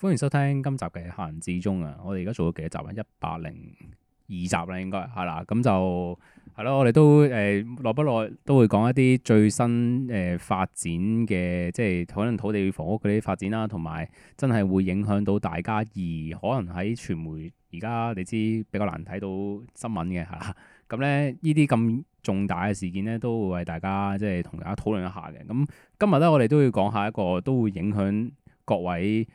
歡迎收聽今集嘅客人之中啊！我哋而家做咗幾多集啊？一百零二集啦，應該係啦。咁就係咯，我哋都誒，耐、呃、不耐都會講一啲最新誒、呃、發展嘅，即係可能土地房屋嗰啲發展啦、啊，同埋真係會影響到大家，而可能喺傳媒而家你知比較難睇到新聞嘅吓。咁咧呢啲咁重大嘅事件呢，都會為大家即係同大家討論一下嘅。咁、嗯、今日呢，我哋都要講下一個，都會影響各位。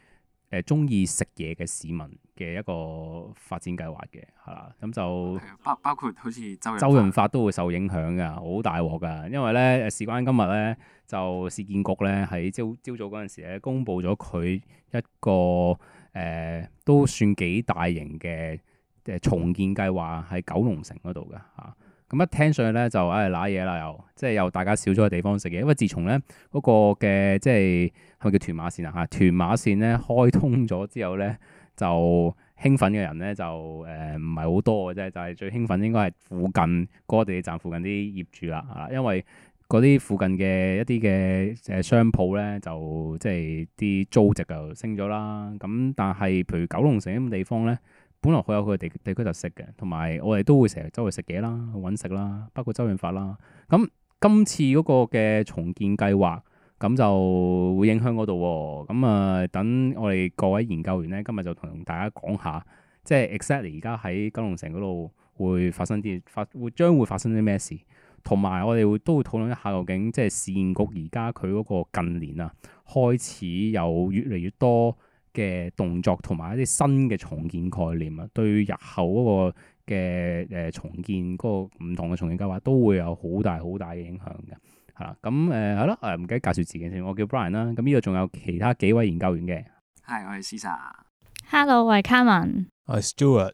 誒中意食嘢嘅市民嘅一個發展計劃嘅，係啦，咁就包包括好似周周潤發都會受影響㗎，好大鑊㗎，因為呢，事關今日呢，就市建局呢，喺朝朝早嗰陣時呢，公布咗佢一個誒、呃、都算幾大型嘅誒重建計劃喺九龍城嗰度㗎，嚇。咁、嗯、一聽上去咧就唉揦嘢啦又，即係又大家少咗個地方食嘢。因為自從咧嗰、那個嘅即係係咪叫屯馬線啊嚇？屯馬線咧開通咗之後咧，就興奮嘅人咧就誒唔係好多嘅啫，就係、呃、最興奮應該係附近嗰、那個地鐵站附近啲業主啦、啊、嚇，因為嗰啲附近嘅一啲嘅誒商鋪咧就即係啲租值就升咗啦。咁但係譬如九龍城咁嘅地方咧。本來佢有佢地地區特色嘅，同埋我哋都會成日周圍食嘢啦，去揾食啦，包括周潤發啦。咁今次嗰個嘅重建計劃，咁就會影響嗰度喎。咁啊、呃，等我哋各位研究員呢，今日就同大家講下，即係 exactly 而家喺九龍城嗰度會發生啲發會將會發生啲咩事，同埋我哋會都會討論一下究竟即係市建局而家佢嗰個近年啊開始有越嚟越多嘅動作同埋一啲新嘅重建概念啊，對日後嗰個嘅誒重建嗰個唔同嘅重建計劃都會有好大好大嘅影響嘅，係啦，咁誒好啦，誒唔記得介紹自己先，我叫 Brian 啦，咁呢度仲有其他幾位研究員嘅，係，我係思察，Hello，我係 Carmen，我係 Stewart，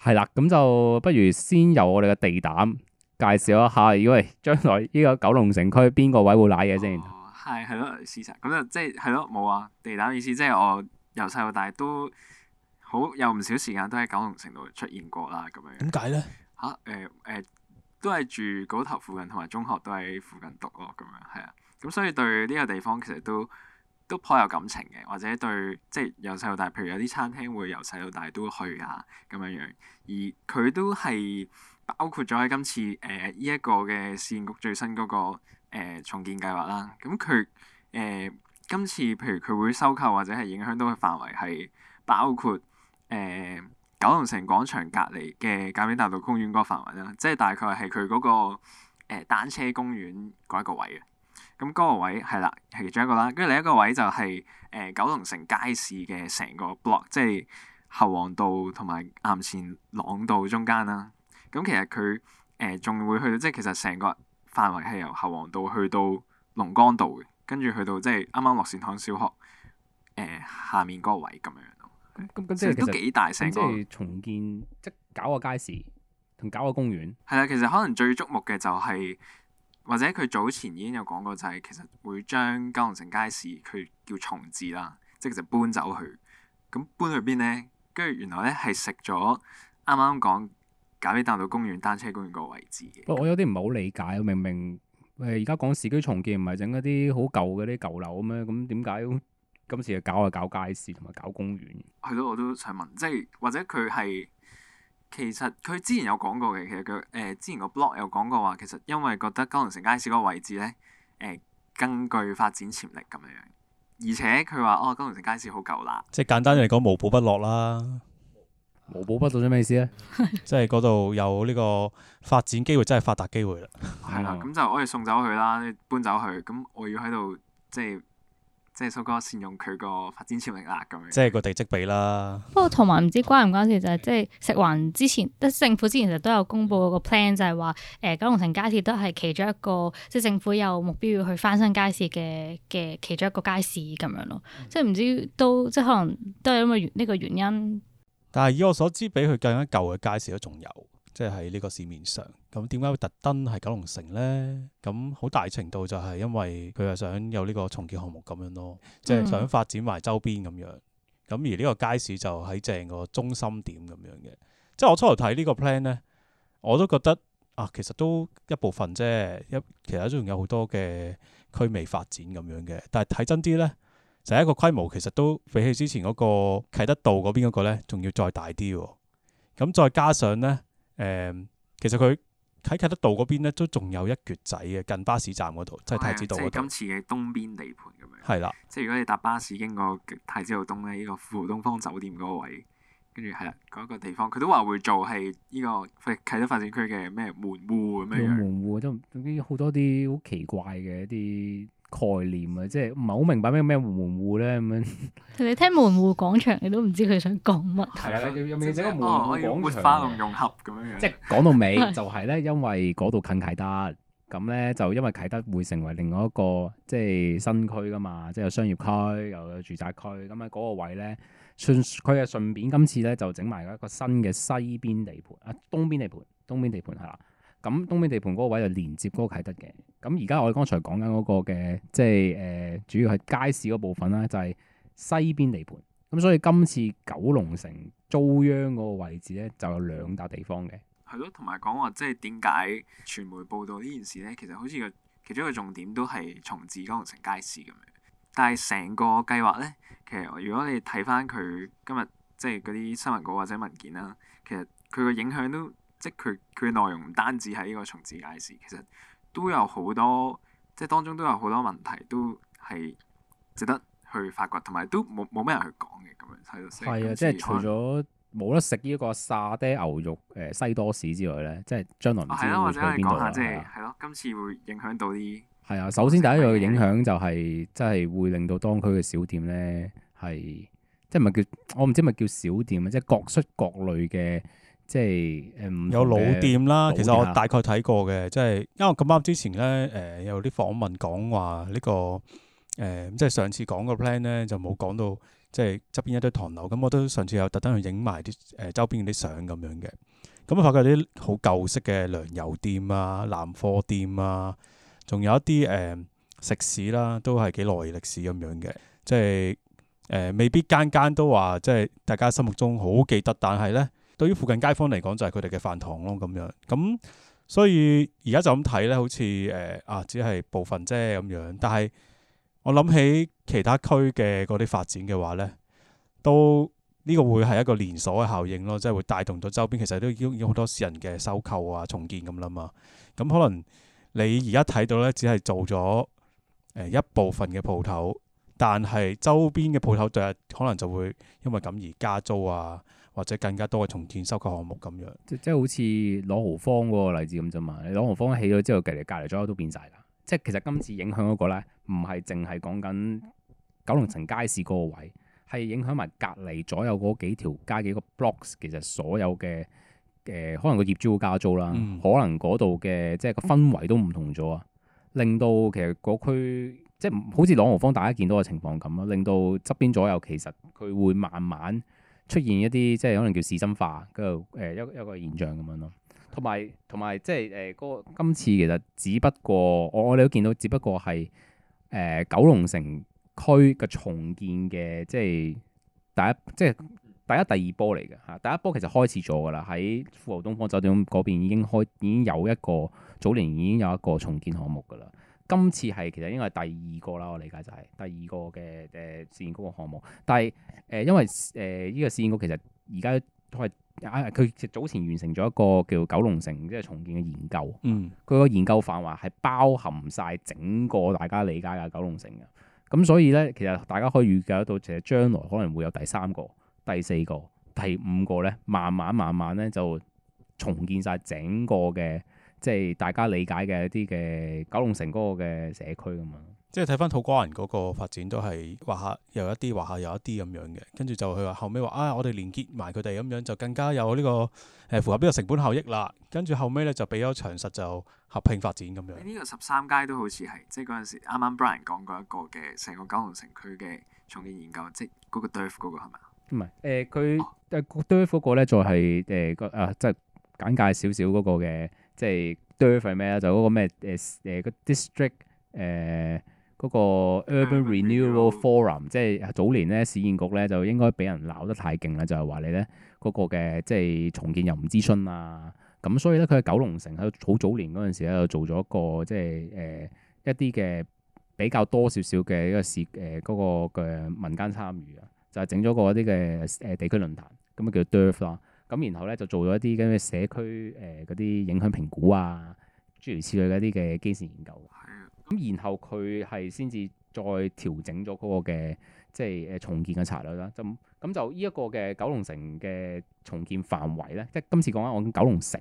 係啦，咁就不如先由我哋嘅地膽介紹一下，如果係將來呢個九龍城區邊個位會瀨嘢先，係係咯，思察，咁就即係係咯冇啊，地膽意思即係我。由細到大都好有唔少時間都喺九龍城度出現過啦，咁樣。點解咧？吓、啊，誒、呃、誒，都係住嗰頭附近，同埋中學都喺附近讀咯，咁樣係啊。咁所以對呢個地方其實都都頗有感情嘅，或者對即係由細到大，譬如有啲餐廳會由細到大都去啊，咁樣樣。而佢都係包括咗喺今次誒呢一個嘅市建局最新嗰、那個誒、呃、重建計劃啦。咁佢誒。呃今次譬如佢會收購或者係影響到嘅範圍係包括誒、呃、九龍城廣場隔籬嘅賈炳達道公園嗰個範圍啦，即係大概係佢嗰個誒、呃、單車公園嗰一個位嘅。咁嗰個位係啦係其中一個啦，跟住另一個位就係、是、誒、呃、九龍城街市嘅成個 block，即係侯王道同埋衙前塱道中間啦。咁其實佢誒仲會去到，即係其實成個範圍係由侯王道去到龍崗道嘅。跟住去到即係啱啱樂善堂小學誒、呃、下面嗰個位咁樣咯。咁咁即係都幾大成個重建，即搞個街市同搞個公園。係啦，其實可能最注目嘅就係、是、或者佢早前已經有講過、就是，就係其實會將九龍城街市佢叫重置啦，即係其實搬走去。咁搬去邊咧？跟住原來咧係食咗啱啱講賈炳達道公園單車公園嗰個位置。嘅。我有啲唔係好理解，明明。誒而家講市區重建唔係整一啲好舊嘅啲舊樓咩？咁點解今次又搞係搞街市同埋搞公園？係咯，我都想問，即係或者佢係其實佢之前有講過嘅，其實佢誒、呃、之前個 blog 有講過話，其實因為覺得九龍城街市嗰個位置咧誒更具發展潛力咁樣樣，而且佢話哦九龍城街市好舊啦，即係簡單嚟講無補不落啦。冇補不到啲咩意思咧？即係嗰度有呢個發展機會，真係發達機會啦。係啦， 咁就可以送走佢啦，搬走佢。咁我要喺度，即係即係蘇哥善用佢個發展潛力啦，咁樣。即係個地積比啦。不過同埋唔知關唔關事，就係、是、即係食環之前，即係政府之前其實都有公布個 plan，就係話誒九龍城街市都係其中一個，即係政府有目標要去翻新街市嘅嘅其中一個街市咁樣咯、嗯。即係唔知都即係可能都係因為呢個原因。但係以我所知，比佢更加舊嘅街市都仲有，即係喺呢個市面上。咁點解會特登係九龍城呢？咁好大程度就係因為佢係想有呢個重建項目咁樣咯，嗯、即係想發展埋周邊咁樣。咁而呢個街市就喺正個中心點咁樣嘅。即係我初頭睇呢個 plan 呢，我都覺得啊，其實都一部分啫，一其實仲有好多嘅區未發展咁樣嘅。但係睇真啲呢。成一個規模其實都比起之前嗰個啟德道嗰邊嗰個咧，仲要再大啲喎、哦。咁再加上咧，誒、呃，其實佢喺啟德道嗰邊咧都仲有一橛仔嘅，近巴士站嗰度，即、就、係、是、太子道今、哎就是、次嘅東邊地盤咁樣。係啦的，即係如果你搭巴士經過太子道東咧，呢、這個富豪東方酒店嗰位，跟住係啦嗰個地方，佢都話會做係呢、這個啟德發展區嘅咩門戶咁樣，門戶都總之好多啲好奇怪嘅一啲。概念啊，即係唔係好明白咩咩門戶咧咁樣？ 你聽門戶廣場，你都唔知佢想講乜。係啦， 你有冇整個門戶廣場，哦、花同融合咁樣樣。 即係講到尾就係咧，因為嗰度近啟德，咁咧 就因為啟德會成為另外一個即係新區噶嘛，即係有商業區又有，有住宅區，咁喺嗰個位咧順佢係順便今次咧就整埋一個新嘅西邊地盤啊，東邊地盤，東邊地盤係啦。咁東邊地盤嗰個位就連接嗰個啟德嘅，咁而家我哋剛才講緊嗰個嘅，即係誒、呃、主要係街市嗰部分啦，就係、是、西邊地盤。咁所以今次九龍城遭殃嗰個位置咧，就有兩笪地方嘅。係咯，同埋講話即係點解傳媒報道呢件事咧？其實好似個其中一個重點都係重置九龍城街市咁樣。但係成個計劃咧，其實如果你睇返佢今日即係嗰啲新聞稿或者文件啦，其實佢個影響都。即係佢佢內容唔單止係呢個重置解釋，其實都有好多，即係當中都有好多問題，都係值得去發掘，同埋都冇冇咩人去講嘅咁樣睇到。係啊，即係的次除咗冇得食呢個沙爹牛肉誒、呃、西多士之外咧，即係將來唔知會去邊度啦。係咯、哦，啊我講下啊、今次會影響到啲。係啊，首先第一個影響就係即係會令到當區嘅小店咧係，即係唔係叫我唔知係咪叫小店啊，即係各出各類嘅。即係誒、嗯、有老店啦。其實我大概睇過嘅、啊呃這個呃，即係因為我咁啱之前咧誒有啲訪問講話呢個誒，即係上次講個 plan 咧就冇講到即係側邊一堆唐樓咁。我都上次有特登去影埋啲誒周邊啲相咁樣嘅。咁啊，我發覺啲好舊式嘅糧油店啊、南貨店啊，仲有一啲誒、呃、食肆啦、啊，都係幾耐歷史咁樣嘅。即係誒、呃、未必間間都話即係大家心目中好記得，但係咧。對於附近街坊嚟講，就係佢哋嘅飯堂咯，咁樣咁，所以而家就咁睇呢好似誒、呃、啊，只係部分啫咁樣。但係我諗起其他區嘅嗰啲發展嘅話呢都呢、呢個會係一個連鎖嘅效應咯，即係會帶動咗周邊，其實都已經好多私人嘅收購啊、重建咁啦嘛。咁、嗯、可能你而家睇到呢，只係做咗、呃、一部分嘅鋪頭，但係周邊嘅鋪頭對日可能就會因為咁而加租啊。或者更加多嘅重建收購項目咁樣即，即即係好似朗豪坊個例子咁啫嘛。朗豪坊起咗之後，隔離隔離左右都變晒啦。即係其實今次影響嗰個咧，唔係淨係講緊九龍城街市嗰個位，係影響埋隔離左右嗰幾條街幾個 blocks。其實所有嘅誒、呃，可能個業主會加租啦，嗯、可能嗰度嘅即係個氛圍都唔同咗啊，令到其實個區即係好似朗豪坊大家見到嘅情況咁啊，令到側邊左右其實佢會慢慢，出現一啲即係可能叫市鎮化嘅誒一一個現象咁樣咯，同埋同埋即係誒個今次其實只不過我我哋都見到只不過係誒、呃、九龍城區嘅重建嘅即係第一即係第一第二波嚟嘅嚇，第一波其實開始咗㗎啦，喺富豪東方酒店嗰邊已經開已經有一個早年已經有一個重建項目㗎啦。今次係其實應該係第二個啦，我理解就係第二個嘅誒試驗局項目。但係誒、呃、因為誒呢、呃這個試驗局其實而家都係啊，佢早前完成咗一個叫九龍城即係重建嘅研究。佢個、嗯、研究範圍係包含晒整個大家理解嘅九龍城嘅。咁所以咧，其實大家可以預計到，其實將來可能會有第三個、第四個、第五個咧，慢慢慢慢咧就重建晒整個嘅。即係大家理解嘅一啲嘅九龍城嗰個嘅社區啊嘛，即係睇翻土瓜灣嗰個發展都係話下有一啲，話下有一啲咁樣嘅，跟住就佢話後尾話啊，我哋連結埋佢哋咁樣就更加有呢、呢個誒、呃、符合呢個成本效益啦。跟住後尾咧就俾咗長實就合併發展咁樣。呢個十三街都好似係即係嗰陣時啱啱 Brian 講過一個嘅成個九龍城區嘅重建研究，即係嗰個對付嗰個係咪啊？唔係誒，佢誒對付嗰個咧就係誒個啊，即係簡介少少嗰個嘅。即係、就是呃那個 District、呃那個、DURF 咩啦？就嗰個咩誒誒個 District 誒嗰個 Urban Renewal Forum，即係早年咧，市建局咧就應該俾人鬧得太勁啦，就係、是、話你咧嗰、那個嘅即係重建又唔諮詢啊。咁所以咧，佢喺九龍城喺好早年嗰陣時咧就做咗一個即係誒、呃、一啲嘅比較多少少嘅一個市誒嗰個嘅民間參與啊，就係整咗個一啲嘅誒地區論壇，咁啊叫 DURF 咁然後咧就做咗一啲咁嘅社區誒嗰啲影響評估啊，諸如此類嘅一啲嘅基線研究、啊。咁然後佢係先至再調整咗嗰個嘅即係誒、呃、重建嘅策略啦、啊。咁咁就呢一個嘅九龍城嘅重建範圍咧，即係今次講緊我講九龍城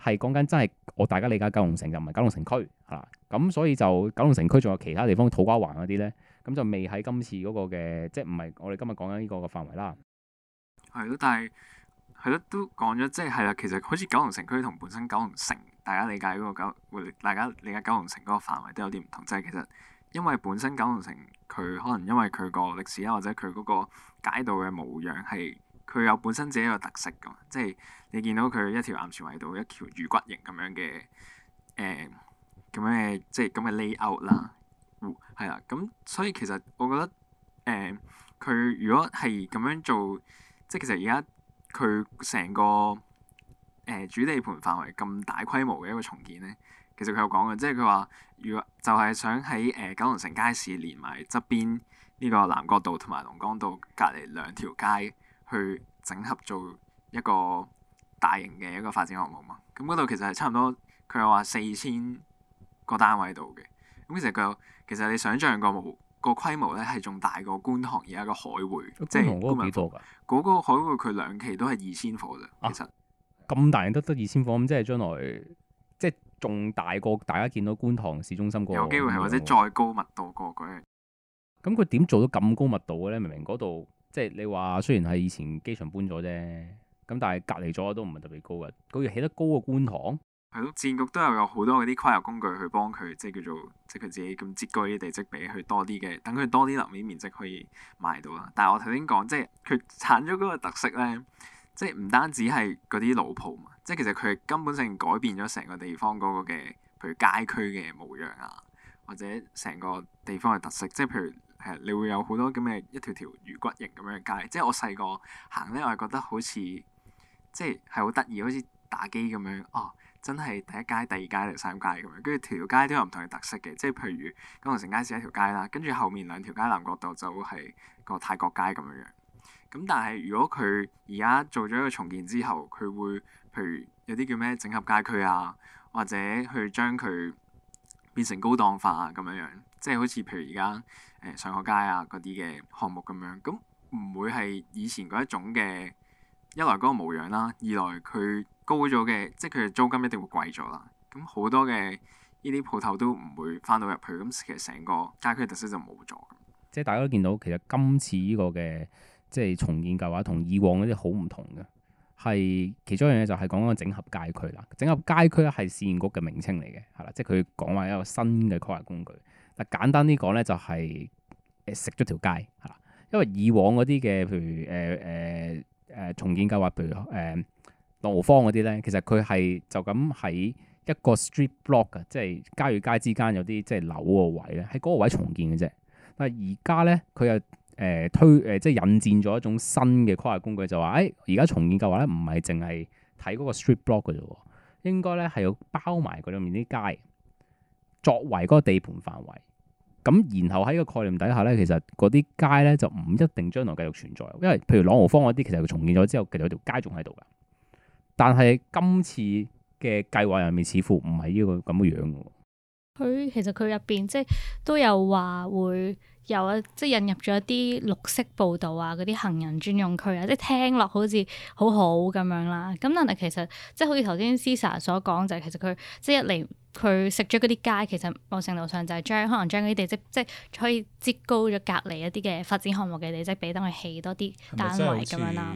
係講緊真係我大家理解九龍城就唔係九龍城區嚇。咁所以就九龍城區仲有其他地方土瓜灣嗰啲咧，咁就未喺今次嗰個嘅即係唔係我哋今日講緊呢個嘅範圍啦。係咯，但係。係咯，都講咗，即係係啦。其實好似九龍城區同本身九龍城，大家理解嗰個九，大家理解九龍城嗰個範圍都有啲唔同。即係其實因為本身九龍城佢可能因為佢個歷史啊，或者佢嗰個街道嘅模樣係佢有本身自己嘅特色㗎嘛。即係你見到佢一條衙前圍道一條魚骨形咁樣嘅誒咁樣嘅，即係咁嘅 layout 啦、嗯。係啦，咁所以其實我覺得誒佢、呃、如果係咁樣做，即係其實而家。佢成個誒、呃、主地盤範圍咁大規模嘅一個重建咧，其實佢有講嘅，即係佢話如果就係、是、想喺誒、呃、九龍城街市連埋側邊呢個南角道同埋龍崗道隔離兩條街去整合做一個大型嘅一個發展項目嘛。咁嗰度其實係差唔多，佢有話四千個單位度嘅，咁其實佢有，其實你想象過冇？個規模咧係仲大過觀塘而家個海匯、啊實，即係嗰個幾多噶？嗰個海匯佢兩期都係二千伙咋。其實咁大得得二千伙咁，即係將來即係仲大過大家見到觀塘市中心、那個，有機會係或者再高密度過佢、那個。咁佢點做到咁高密度嘅咧？明明嗰度即係你話雖然係以前機場搬咗啫，咁但係隔離咗都唔係特別高噶。佢要起得高過觀塘。係咯、嗯，市建局都有有好多嗰啲規劃工具去幫佢，即係叫做即係佢自己咁切割啲地積比俾佢多啲嘅，等佢多啲樓面面積可以賣到啦。但係我頭先講即係佢鏟咗嗰個特色咧，即係唔單止係嗰啲老鋪嘛，即係其實佢係根本性改變咗成個地方嗰個嘅，譬如街區嘅模樣啊，或者成個地方嘅特色，即係譬如係你會有好多咁嘅一條條魚骨型咁樣嘅街，即係我細個行咧，我係覺得好似即係係好得意，好似打機咁樣哦。啊真係第一街、第二街、第三街咁樣，跟住條街都有唔同嘅特色嘅，即係譬如九龍城街市一條街啦，跟住後面兩條街南角道就係個泰國街咁樣樣。咁但係如果佢而家做咗一個重建之後，佢會譬如有啲叫咩整合街區啊，或者去將佢變成高檔化啊咁樣樣，即係好似譬如而家誒上海街啊嗰啲嘅項目咁樣，咁唔會係以前嗰一種嘅一來嗰個模樣啦，二來佢。高咗嘅，即係佢嘅租金一定會貴咗啦。咁好多嘅呢啲鋪頭都唔會翻到入去，咁其實成個街區嘅特色就冇咗。即係大家都見到，其實今次呢個嘅即係重建計劃同以往嗰啲好唔同嘅，係其中一樣嘢就係講緊整合街區啦。整合街區咧係市建局嘅名稱嚟嘅，係啦，即係佢講話一個新嘅規劃工具。嗱，簡單啲講咧，就係誒食咗條街係啦，因為以往嗰啲嘅，譬如誒誒誒重建計劃，譬如誒。呃朗豪坊嗰啲咧，其實佢係就咁喺一個 street block 嘅，即係街與街之間有啲即係樓嘅位咧，喺嗰個位重建嘅啫。但係而家咧，佢又誒、呃、推誒、呃、即係引進咗一種新嘅規劃工具，就話誒而家重建嘅話咧，唔係淨係睇嗰個 street block 嘅啫，應該咧係要包埋佢裏面啲街作為嗰個地盤範圍。咁然後喺個概念底下咧，其實嗰啲街咧就唔一定將來繼續存在，因為譬如朗豪坊嗰啲，其實重建咗之後，其實有條街仲喺度㗎。但係今次嘅計劃入面似乎唔係呢個咁嘅樣。佢其實佢入邊即係都有話會有啊，即係引入咗一啲綠色步道啊，嗰啲行人專用區啊，即係聽落好似好好咁樣啦。咁但係其實即係好似頭先 Sisa 所講就係其實佢即係一嚟佢食咗嗰啲街，其實某程度上就係將可能將嗰啲地積即係可以接高咗隔離一啲嘅發展項目嘅地積，俾等佢起多啲單位咁樣啦。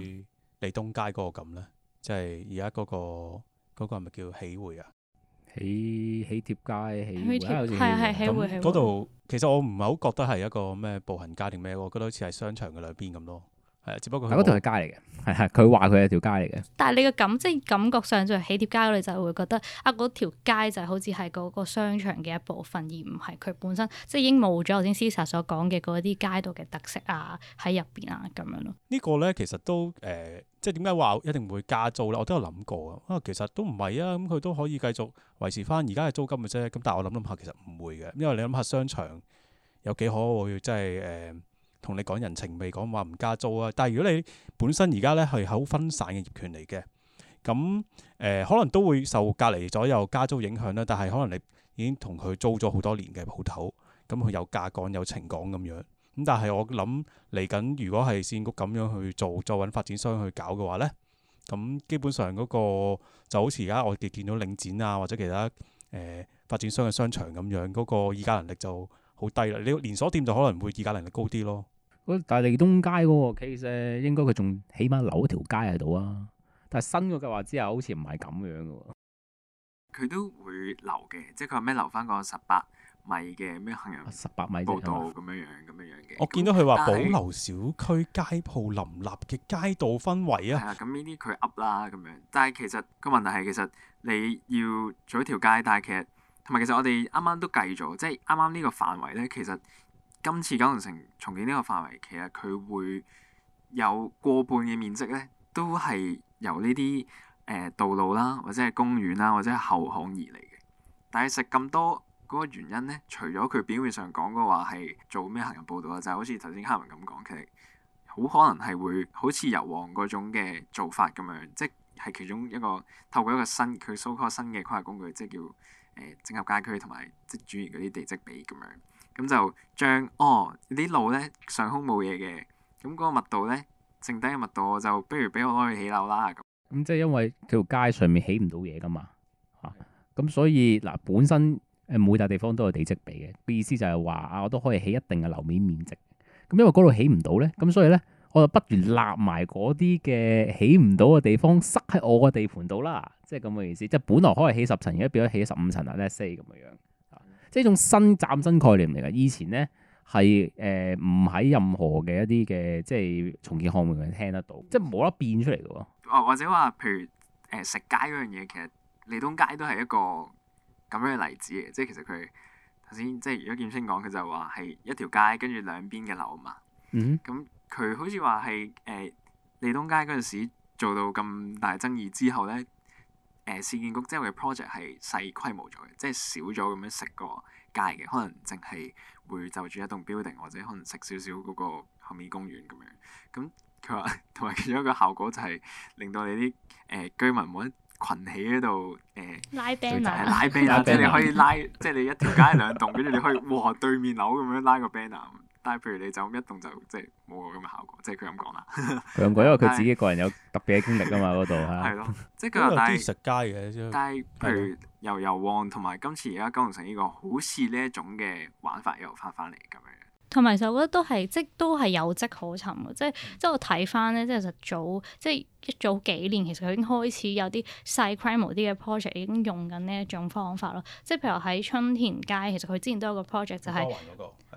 利東街嗰個咁咧？即係而家嗰個嗰個係咪叫喜匯啊？喜喜帖街、喜匯， 啊？係喜匯、喜匯。嗰度其實我唔係好覺得係一個咩步行街定咩，我覺得好似係商場嘅兩邊咁咯。係啊，只不過嗱，嗰條係街嚟嘅，係係，佢話佢係條街嚟嘅。但係你個感即係感覺上，就係起疊街，你就會覺得啊，嗰條街就係好似係嗰個商場嘅一部分，而唔係佢本身，即係已經冇咗。我頭先 CISA 所講嘅嗰啲街道嘅特色啊，喺入邊啊，咁樣咯。個呢個咧其實都誒、呃，即係點解話一定唔會加租咧？我都有諗過啊，其實都唔係啊。咁佢都可以繼續維持翻而家嘅租金嘅啫。咁但係我諗諗下，其實唔會嘅，因為你諗下商場有幾可會即係誒。啊同你講人情未講話唔加租啊！但係如果你本身而家呢係好分散嘅業權嚟嘅，咁誒、呃、可能都會受隔離左右加租影響啦。但係可能你已經同佢租咗好多年嘅鋪頭，咁佢有價講，有情講咁樣。咁但係我諗嚟緊如果係線谷咁樣去做，再揾發展商去搞嘅話呢，咁基本上嗰、那個就好似而家我哋見到領展啊或者其他誒、呃、發展商嘅商場咁樣，嗰、那個議價能力就好低啦。你連鎖店就可能會議價能力高啲咯。大利東街嗰個 case 應該佢仲起碼留一條街喺度啊！但係新嘅計劃之下，好似唔係咁樣嘅喎。佢都會留嘅，即係佢話咩留翻嗰十八米嘅咩行人十八米步道咁樣樣，咁樣樣嘅。是是我見到佢話保留小區街鋪林立嘅街道氛圍啊。係啦、啊，咁呢啲佢 up 啦咁樣。但係其實個問題係，其實你要做一條街，但係其實同埋其實我哋啱啱都計咗，即係啱啱呢個範圍咧，其實。今次九龍城重建呢個範圍，其實佢會有過半嘅面積咧，都係由呢啲誒道路啦，或者係公園啦，或者後巷而嚟嘅。但係食咁多嗰、嗰個原因咧，除咗佢表面上講嘅話係做咩行人報道啊，就係、好似頭先卡文咁講，其實好可能係會好似油旺嗰種嘅做法咁樣，即係其中一個透過一個新佢所謂的新嘅規劃工具，即係叫誒、呃、整合街區同埋即係轉移嗰啲地積比咁樣。咁就將哦啲路咧，上空冇嘢嘅，咁嗰個密度咧，剩低嘅密度就不如俾我攞去起樓啦咁。咁、嗯、即係因為條街上面起唔到嘢噶嘛，啊咁所以嗱、呃、本身誒每笪地方都有地積比嘅，意思就係話啊我都可以起一定嘅樓面面積。咁、嗯、因為嗰度起唔到咧，咁所以咧我就不如立埋嗰啲嘅起唔到嘅地方塞喺我個地盤度啦，即係咁嘅意思，即係本來可以起十層，而家變咗起十五層啦、啊、let's say 咁嘅樣。即係一種新嶄新概念嚟㗎，以前咧係誒唔喺任何嘅一啲嘅即係重建項目裏邊聽得到，即係冇得變出嚟嘅。或者話，譬如誒、呃、食街嗰樣嘢，其實利東街都係一個咁樣嘅例子嘅。即係其實佢頭先即係如果劍青講，佢就話係一條街，跟住兩邊嘅樓嘛。嗯哼。咁佢好似話係誒利東街嗰陣時做到咁大爭議之後咧。誒市建局之後嘅 project 係細規模咗嘅，即係少咗咁樣食個街嘅，可能淨係會就住一棟 building 或者可能食少少嗰個後面公園咁樣。咁佢話同埋其中一個效果就係、是、令到你啲誒、呃、居民冇得群起喺度誒拉 banner，B B 即係你可以拉， 即係你一條街兩棟，跟住 你可以哇對面樓咁樣拉個 banner。但係，譬如你就咁一動就即係冇咁嘅效果，即係佢咁講啦。強過，因為佢自己個人有特別嘅經歷啊嘛，嗰度嚇。係咯對，即係佢話。技術家嘅但係是，以但譬如由由對旺同埋今次而家金龍城呢、這個，好似呢一種嘅玩法又翻返嚟咁樣。同埋，其實我覺得都係，即係都係有跡可尋嘅，即係、嗯、即係我睇翻咧，即係實早即係。一早幾年其實佢已經開始有啲細規模啲嘅 project 已經用緊呢一種方法咯，即係譬如喺春田街，其實佢之前都有個 project 就係、是，係啦、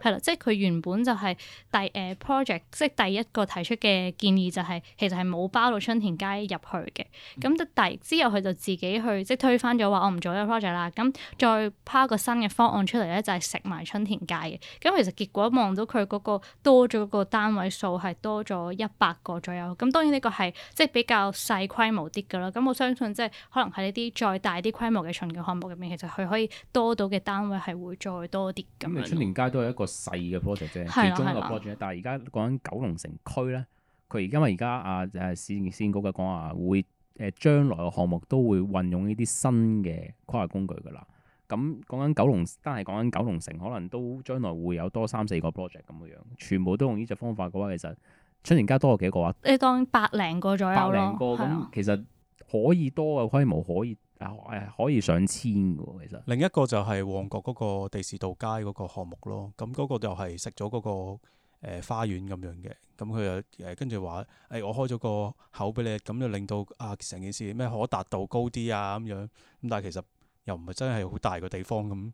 那個，即係佢原本就係第誒、呃、project，即係第一個提出嘅建議就係、是、其實係冇包到春田街入去嘅，咁第、嗯、之後佢就自己去即係推翻咗話我唔做呢個 project 啦，咁再拋個新嘅方案出嚟咧就係食埋春田街嘅，咁其實結果望到佢嗰個多咗個單位數係多咗一百個左右，咁當然呢個係即係。比較細規模啲㗎啦，咁我相信即係可能喺呢啲再大啲規模嘅巡嘅項目入面，其實佢可以多到嘅單位係會再多啲咁、嗯、春田街都係一個細嘅 project 啫，其的中一個 project，的但係而家講緊九龍城區咧，佢而家因為而家啊誒、啊、市建局嘅講話會誒、啊、將來嘅項目都會運用呢啲新嘅規劃工具㗎啦。咁講緊九龍，但係講緊九龍城可能都將來會有多三四個 project 咁嘅樣，全部都用呢隻方法嘅話，其實～全年加多咗幾個啊？你當百零個左右咯，百零個咁其實可以多嘅，規模可以誒、啊，可以上千嘅喎。其實另一個就係旺角嗰個地士道街嗰個項目咯。咁、那、嗰個就係食咗嗰個、呃、花園咁樣嘅。咁佢又誒跟住話誒，我開咗個口俾你，咁就令到啊成件事咩可達度高啲啊咁樣。咁但係其實又唔係真係好大個地方咁誒、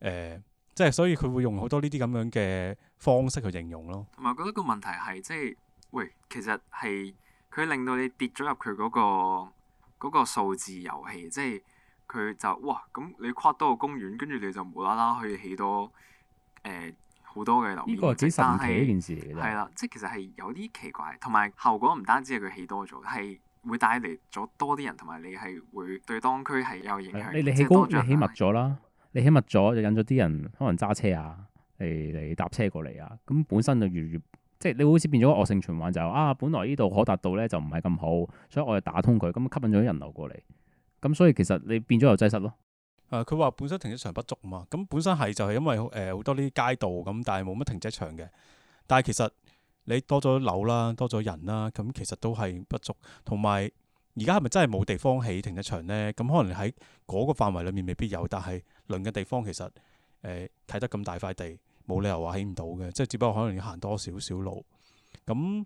呃，即係所以佢會用好多呢啲咁樣嘅方式去形容咯。同埋我覺得個問題係即係。喂，其實係佢令到你跌咗入佢嗰個嗰個數字遊戲，即係佢就哇，咁你跨多個公園，跟住你就無啦啦可以起、呃、多誒好多嘅樓，呢個係幾神奇一件事嚟嘅。係啦，即係其實係有啲奇怪，同埋效果唔單止係佢起多咗，係會帶嚟咗多啲人，同埋你係會對當區係有影響你。你起高，多啊、你起密咗啦，你起密咗就引咗啲人可能揸車啊，嚟嚟搭車過嚟啊，咁本身就越，越，越即係你好似變咗個惡性循環就，就啊，本來呢度可達到咧就唔係咁好，所以我又打通佢，咁吸引咗人流過嚟，咁所以其實你變咗又擠塞咯。誒、呃，佢話本身停車場不足嘛，咁、嗯、本身係就係因為誒好、呃、多呢啲街道咁，但係冇乜停車場嘅。但係其實你多咗樓啦，多咗人啦，咁、嗯、其實都係不足。同埋而家係咪真係冇地方起停車場咧？咁、嗯、可能喺嗰個範圍裡面未必有，但係鄰嘅地方其實誒睇、呃、得咁大塊地。冇理由話起唔到嘅，即係只不過可能要行多少少路。咁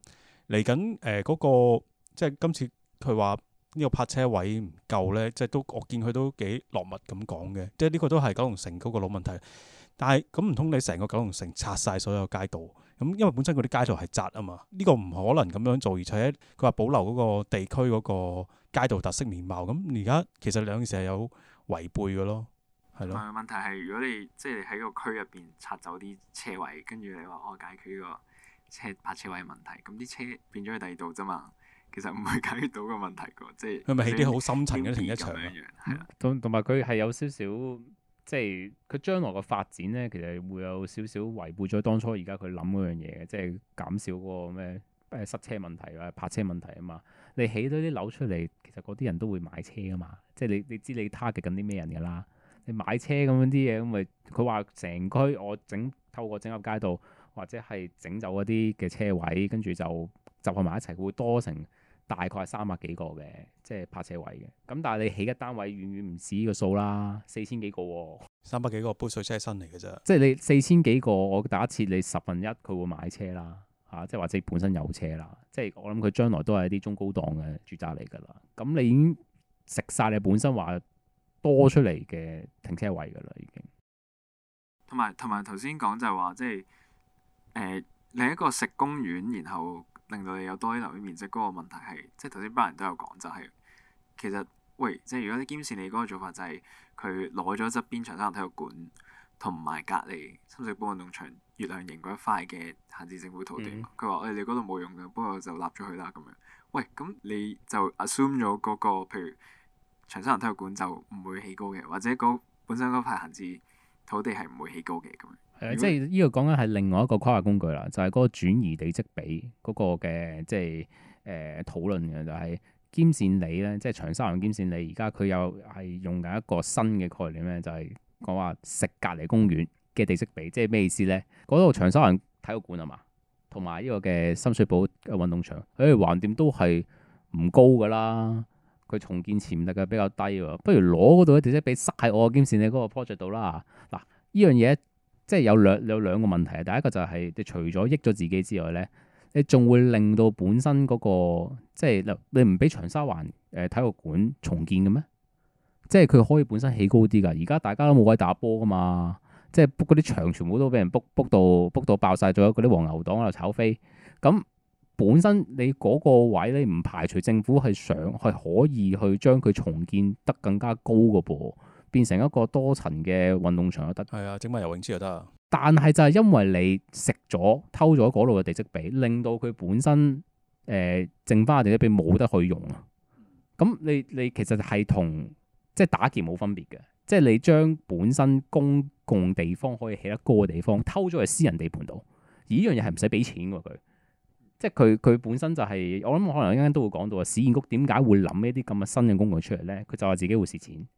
嚟緊誒嗰個，即係今次佢話呢個泊車位唔夠呢，即係都我見佢都幾落寞咁講嘅。即係呢個都係九龍城嗰個老問題。但係咁唔通你成個九龍城拆晒所有街道？咁、嗯、因為本身嗰啲街道係窄啊嘛，呢、呢個唔可能咁樣做。而且佢話保留嗰個地區嗰個街道特色面貌。咁而家其實兩件事係有違背嘅咯。係咯。問題係，如果你即係喺個區入邊拆走啲車位，跟住你話我、哦、解決呢個車泊車位嘅問題，咁啲車變咗去第二度啫嘛。其實唔係解決到個問題嘅，即係係咪起啲好深層嘅停車場一樣。係啊，同埋佢係有少少，即係佢將來嘅發展咧，其實會有少少違背咗當初而家佢諗嗰樣嘢嘅，即係減少嗰個咩失塞車問題或者泊車問題啊嘛。你起咗啲樓出嚟，其實嗰啲人都會買車啊嘛。即係你你知你 target 緊啲咩人㗎啦？你買車咁樣啲嘢咁咪，佢話成區我整透過整合街道或者係整走嗰啲嘅車位，跟住就集合埋一齊，會多成大概三百幾個嘅，即係泊車位嘅。咁但係你起嘅單位遠遠唔止呢個數啦，四千幾個、哦，三百幾個杯水車薪嚟嘅啫。即係你四千幾個，我第一次你十分一，佢會買車啦，嚇、啊！即係或者本身有車啦。即係我諗佢將來都係一啲中高檔嘅住宅嚟㗎啦。咁你已經食晒你本身話。多出嚟嘅停車位噶啦，已經。同埋同埋頭先講就係話，即係誒另一個食公園，然後令到你有多啲樓面面積。嗰、那個問題係，即係頭先班人都有講，就係、是、其實喂，即係如果你堅持你嗰個做法就係佢攞咗側邊長沙灣體育館同埋隔離深水埗運動場月亮形嗰一塊嘅限制政府土地，佢話誒你嗰度冇用嘅，不過就立咗佢啦咁樣。喂，咁你就 assume 咗嗰、那個譬如。長沙灣體育館就唔會起高嘅，或者本身嗰塊閒置土地係唔會起高嘅咁。誒、呃，即係呢個講緊係另外一個規劃工具啦，就係、是、嗰個轉移地積比嗰個嘅即係誒討論嘅就係兼善里咧，即係、呃就是、長沙灣兼善里而家佢又係用緊一個新嘅概念咧，就係講話食隔離公園嘅地積比，即係咩意思咧？嗰度長沙灣體育館啊嘛，同埋呢個嘅深水埗運動場，誒、欸，橫掂都係唔高噶啦。佢重建潛力嘅比較低喎，不如攞嗰度啲地積俾塞喺我兼線你嗰個 project 度啦。嗱，呢樣嘢即係有兩有兩個問題。第一個就係你除咗益咗自己之外咧，你仲會令到本身嗰、嗰個即係你唔俾長沙灣誒、呃、體育館重建嘅咩？即係佢可以本身起高啲㗎。而家大家都冇位打波㗎嘛，即係 book 嗰啲場全部都俾人 book book 到 book 到爆晒，仲有嗰啲黃牛黨喺度炒飛咁。本身你嗰個位咧，唔排除政府係想係可以去將佢重建得更加高噶噃，變成一個多層嘅運動場就得，係啊，整埋游泳池就得。但係就係因為你食咗偷咗嗰度嘅地積比，令到佢本身誒、呃、剩返嘅地積比冇得去用啊。咁你你其實係同即係打劫冇分別嘅，即係你將本身公共地方可以起得高嘅地方偷咗去私人地盤度，而呢樣嘢係唔使俾錢㗎佢。即係佢佢本身就係、是、我諗，可能一陣都會講到啊。市建局點解會諗呢啲咁嘅新嘅工具出嚟咧？佢就話自己會蝕錢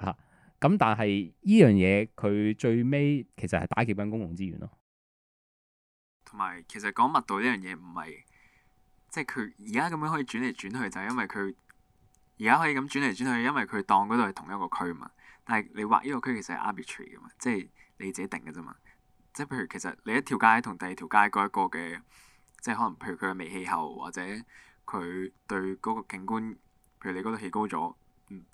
嚇。咁、啊、但係依樣嘢，佢、這個、最尾其實係打劫緊公共資源咯。同埋，其實講密度呢樣嘢唔係即係佢而家咁樣可以轉嚟轉去，就係因為佢而家可以咁轉嚟轉去，因為佢當嗰度係同一個區嘛。但係你劃呢個區其實係 arbitrary 㗎嘛，即係你自己定嘅啫嘛。即係譬如，其實你一條街同第二條街嗰一個嘅。即係可能，譬如佢嘅微氣候，或者佢對嗰個景觀，譬如你嗰度起高咗，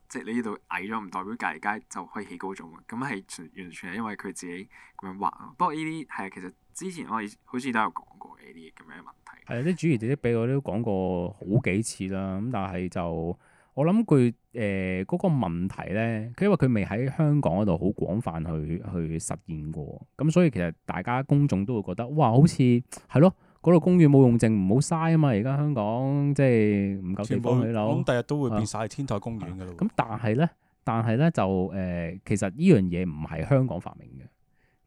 即係你呢度矮咗，唔代表隔籬街就可以起高咗嘛？咁係全，完全係因為佢自己咁樣畫。不過呢啲係其實之前我好似都有講過呢啲咁樣嘅問題係啊，啲主義姐姐俾我都講過好幾次啦。咁但係就我諗佢誒嗰個問題咧，佢因為佢未喺香港嗰度好廣泛去去實現過，咁所以其實大家公眾都會覺得哇，好似係咯。嗯嗰度公園冇用剩，唔好嘥啊嘛！而家香港即係唔夠地方去起樓，咁第二日都會變晒天台公園噶啦。咁但係咧，但係咧就誒、呃，其實呢樣嘢唔係香港發明嘅。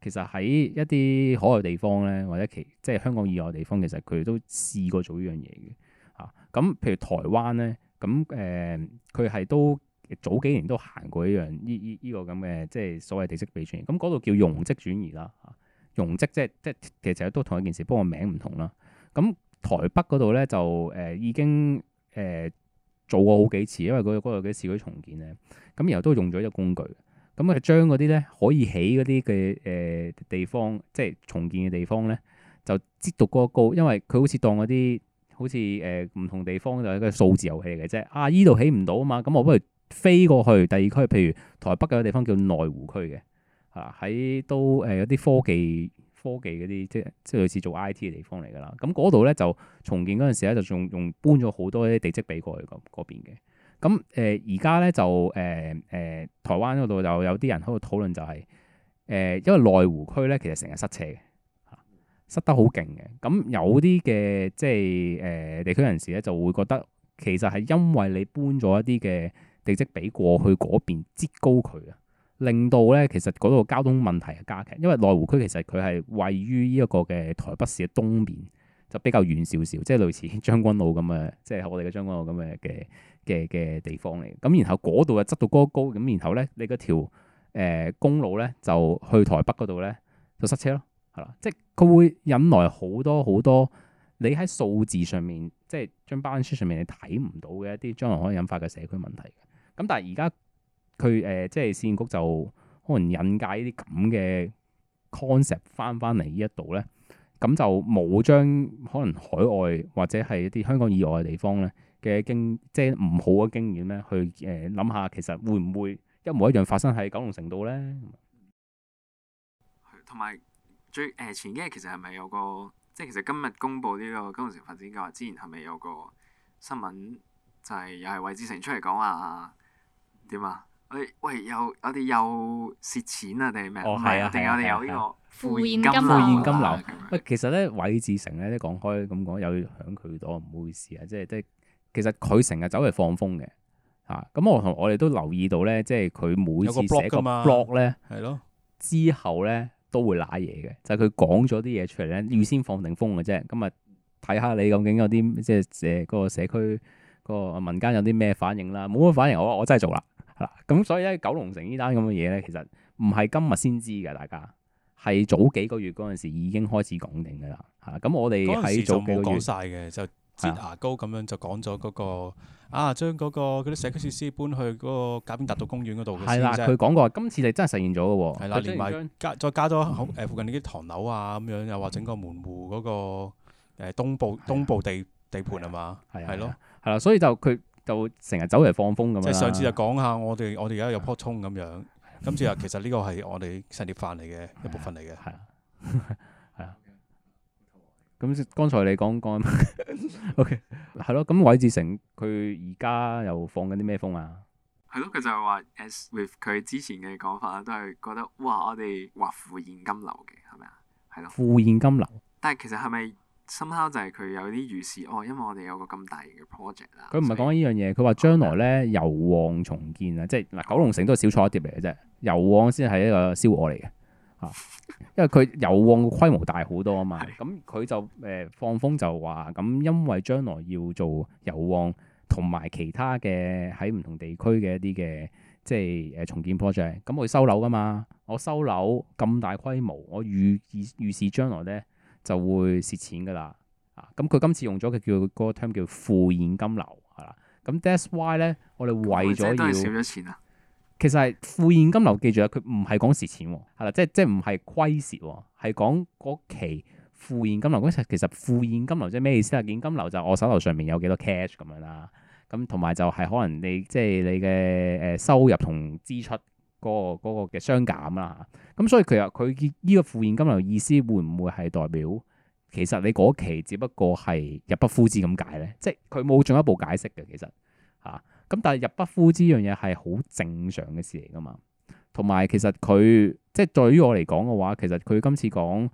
其實喺一啲海外地方咧，或者其即係、就是、香港以外地方，其實佢都試過做呢樣嘢嘅。啊，咁譬如台灣咧，咁誒佢係都早幾年都行過一樣呢依依個咁嘅，即、這、係、個這個這個、所謂地積比轉移。咁嗰度叫容積轉移啦。啊容積即係即係其實都同一件事，不過名唔同啦。咁台北嗰度咧就誒、呃、已經誒、呃、做過好幾次，因為嗰個嗰個嘅市區重建咧，咁、嗯、然後都用咗一個工具，咁、嗯、啊將嗰啲咧可以起嗰啲嘅誒地方，即係重建嘅地方咧，就擠到嗰個高，因為佢好似當嗰啲好似誒唔同地方就係一個數字遊戲嚟嘅啫。啊，依度起唔到啊嘛，咁、嗯、我不如飛過去第二區，譬如台北嘅地方叫內湖區嘅。啊，喺都誒、呃、有啲科技科技嗰啲即即，即類似做 IT 嘅地方嚟㗎啦。咁嗰度咧就重建嗰陣時咧就仲用搬咗好多啲地積俾過去嗰邊嘅。咁誒而家咧就誒誒、呃呃、台灣嗰度就有啲人喺度討論就係、是、誒、呃、因為內湖區咧其實成日塞車嘅，啊，塞得好勁嘅。咁、嗯、有啲嘅即係誒、呃、地區人士咧就會覺得其實係因為你搬咗一啲嘅地積俾過去嗰邊擠高佢啊。令到咧，其實嗰度交通問題係加劇，因為內湖區其實佢係位於呢一個嘅台北市嘅東面，就比較遠少少，即係類似將軍澳咁嘅，即係我哋嘅將軍澳咁嘅嘅嘅嘅地方嚟。咁然後嗰度嘅質度高高，咁然後咧，你嗰條、呃、公路咧就去台北嗰度咧就塞車咯，係啦，即係佢會引來好多好多你喺數字上面，即係將班書上面你睇唔到嘅一啲將來可以引發嘅社區問題嘅。咁但係而家。佢誒、呃、即係市建局就可能引介呢啲咁嘅 concept 翻翻嚟，呢一度咧，咁就冇將可能海外或者係一啲香港以外嘅地方咧嘅經即係唔好嘅經驗咧，去誒諗、呃、下其實會唔會一模一樣發生喺九龍城度咧？同埋最誒、呃、前幾日其實係咪有個即係其實今日公布呢、這個九龍城發展計劃之前係咪有個新聞就係又係韋志成出嚟講啊點啊？喂喂，又我哋又蝕錢、哦、係啊？定係咩？哦，係啊，定我哋有呢個負現金流。負現金流。喂，其實咧，韋志成咧，都講開咁講，有響佢度唔好意思啊。即係即係，其實佢成日走嚟放風嘅吓。咁、啊、我同我哋都留意到咧，即係佢每次寫個 blog 咧，係咯之後咧都會瀨嘢嘅，就係佢講咗啲嘢出嚟咧，預、嗯、先放定風嘅啫。今日睇下你究竟有啲即係誒，嗰個社區嗰、嗰個民間有啲咩反應啦。冇乜反應，我我,我真係做啦。嗱，咁所以咧，九龍城呢單咁嘅嘢咧，其實唔係今日先知嘅，大家係早幾個月嗰陣時已經開始講定噶啦。吓，咁我哋嗰陣時冇講晒嘅，就擠牙膏咁樣就講咗嗰個啊，將嗰個嗰啲社區設施搬去嗰個賈炳達道公園嗰度。係啦，佢講過，今次就真係實現咗嘅。係啦，連埋再加咗誒，附近啲唐樓啊咁樣，又話整個門戶嗰個誒東部東部地地盤係嘛，係咯，係啦，所以就佢。就成日走嚟放風咁樣。即上次就講下我哋我哋而家有棵葱咁樣，啊、今次話其實呢個係我哋神業飯嚟嘅一部分嚟嘅。係啊，係啊。咁、啊啊、剛才你講講 ，OK，係咯、啊。咁韋志成，佢而家又放緊啲咩風啊？係咯，佢就係話，as with 佢之前嘅講法啦，都係覺得哇，我哋話負現金流嘅係咪啊？係咯，負現金流。但係其實係咪？深刻就係佢有啲預示哦，因為我哋有個咁大嘅 project 啦。佢唔係講緊呢樣嘢，佢話以將來咧油旺重建啊，嗯、即係嗱九龍城都係小菜一碟嚟嘅啫，油旺先係一個燒鵝嚟嘅嚇， 因為佢油旺規模大好多啊嘛，咁佢 就誒、呃、放風就話咁，因為將來要做油旺同埋其他嘅喺唔同地區嘅一啲嘅即係誒、呃、重建 project，咁我收樓噶嘛，我收樓咁大規模，我預預預，預示將來咧。就會蝕錢噶啦，啊、嗯，咁佢今次用咗佢叫嗰、那個 term 叫負現金流，係啦，咁 that's why 咧，我哋為咗要，少咗錢、啊、其實係負現金流，記住啦，佢唔係講蝕錢，係啦，即係即係唔係虧蝕，係講嗰期負現金流。嗰時其實負現金流即係咩意思啊？現金流就我手頭上面有幾多 cash 咁樣啦，咁同埋就係可能你即係你嘅誒收入同支出。嗰、嗰個嘅相、嗰個、減啦，咁所以其實佢依個負現金流意思會唔會係代表其實你嗰期只不過係入不敷支咁解呢？即係佢冇進一步解釋嘅。其實咁、啊、但係入不敷支呢樣嘢係好正常嘅事嚟噶嘛。同埋其實佢即係對於我嚟講嘅話，其實佢今次講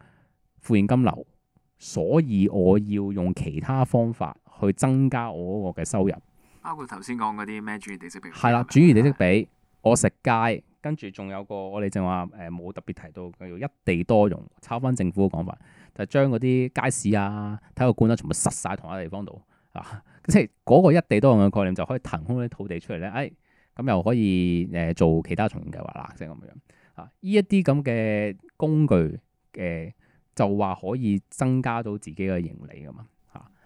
負現金流，所以我要用其他方法去增加我嗰個嘅收入，包括頭先講嗰啲咩主業地積比係啦，主業地積比。的我食街，跟住仲有個我哋正話誒冇特別提到叫做一地多用，抄翻政府嘅講法，就是、將嗰啲街市啊、體育館啊，全部塞晒，同一個地方度啊，即係嗰個一地多用嘅概念就可以騰空啲土地出嚟咧，誒、哎、咁又可以誒、呃、做其他重建計劃啦，即係咁樣啊。呢一啲咁嘅工具嘅、呃、就話可以增加到自己嘅盈利啊嘛。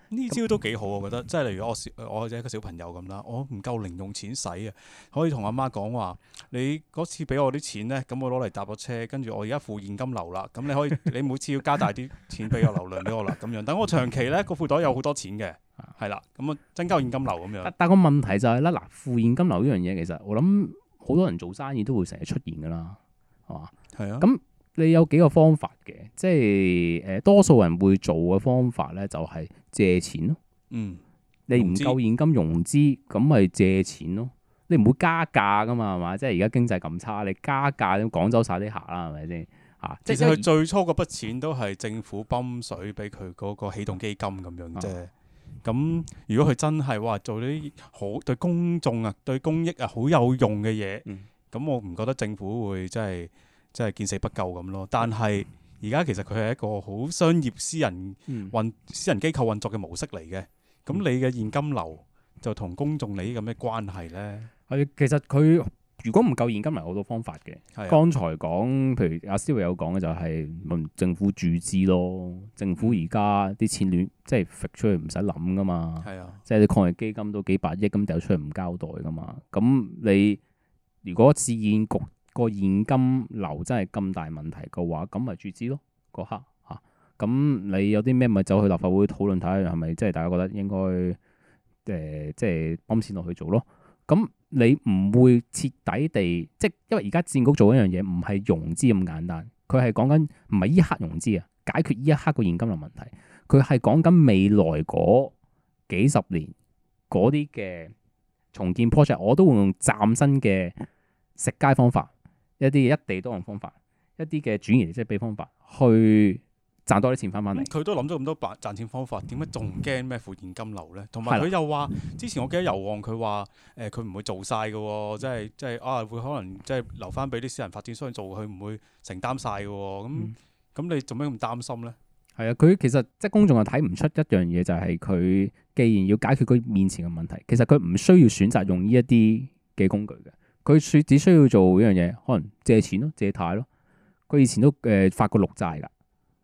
呢招都幾好，我覺得，即係例如我我一個小朋友咁啦，我唔夠零用錢使啊，可以同阿媽講話，你嗰次俾我啲錢咧，咁我攞嚟搭個車，跟住我而家付現金流啦，咁你可以，你每次要加大啲錢俾我流量俾我啦，咁樣，等我長期咧個褲袋有好多錢嘅，係啦，咁啊增加現金流咁樣。但個問題就係啦，嗱，付現金流呢樣嘢其實我諗好多人做生意都會成日出現噶啦，係嘛？係啊。你有幾個方法嘅，即係誒、呃、多數人會做嘅方法咧，就係、是、借錢咯、啊。嗯，你唔夠現金融資，咁咪資借錢咯、啊。你唔會加價噶嘛，係嘛？即係而家經濟咁差，你加價都廣走晒啲客啦，係咪先？啊，即使佢最初嗰筆錢都係政府泵水俾佢嗰個起動基金咁樣啫。咁、嗯、如果佢真係話做啲好對公眾啊、對公益啊好有用嘅嘢，咁、嗯、我唔覺得政府會真係。即係見死不救咁咯，但係而家其實佢係一個好商業私人運、嗯、私人機構運作嘅模式嚟嘅。咁、嗯、你嘅現金流就同公眾利益咁嘅關係呢？其實佢如果唔夠現金咪好多方法嘅。是啊、剛才講，譬如阿思睿有講嘅就係問政府注資咯。政府而家啲錢亂即係揈出去唔使諗噶嘛。即係啲抗疫基金都幾百億咁掉出嚟唔交代噶嘛。咁你如果市建局個現金流真係咁大問題嘅話，咁咪注資咯，嗰刻嚇。咁、啊、你有啲咩咪走去立法會討論睇下，係咪即係大家覺得應該誒，即係掟錢落去做咯。咁你唔會徹底地，即係因為而家市建局做一樣嘢唔係融資咁簡單，佢係講緊唔係一刻融資啊，解決呢一刻個現金流問題。佢係講緊未來嗰幾十年嗰啲嘅重建 project，我都會用嶄新嘅食街方法。一啲一地多用方法，一啲嘅轉移即係俾方法去賺多啲錢翻翻嚟。佢、嗯、都諗咗咁多賺賺錢方法，點解仲驚咩負現金流咧？同埋佢又話，嗯、之前我記得遊旺佢話，誒佢唔會做晒嘅，即係即係啊會可能即係留翻俾啲私人發展商做，佢唔會承擔晒嘅。咁咁、嗯、你做咩咁擔心咧？係啊，佢其實即係公眾又睇唔出一樣嘢，就係、是、佢既然要解決佢面前嘅問題，其實佢唔需要選擇用呢一啲嘅工具嘅。佢說只需要做一樣嘢，可能借錢咯、啊，借貸咯、啊。佢以前都誒、呃、發過綠債噶、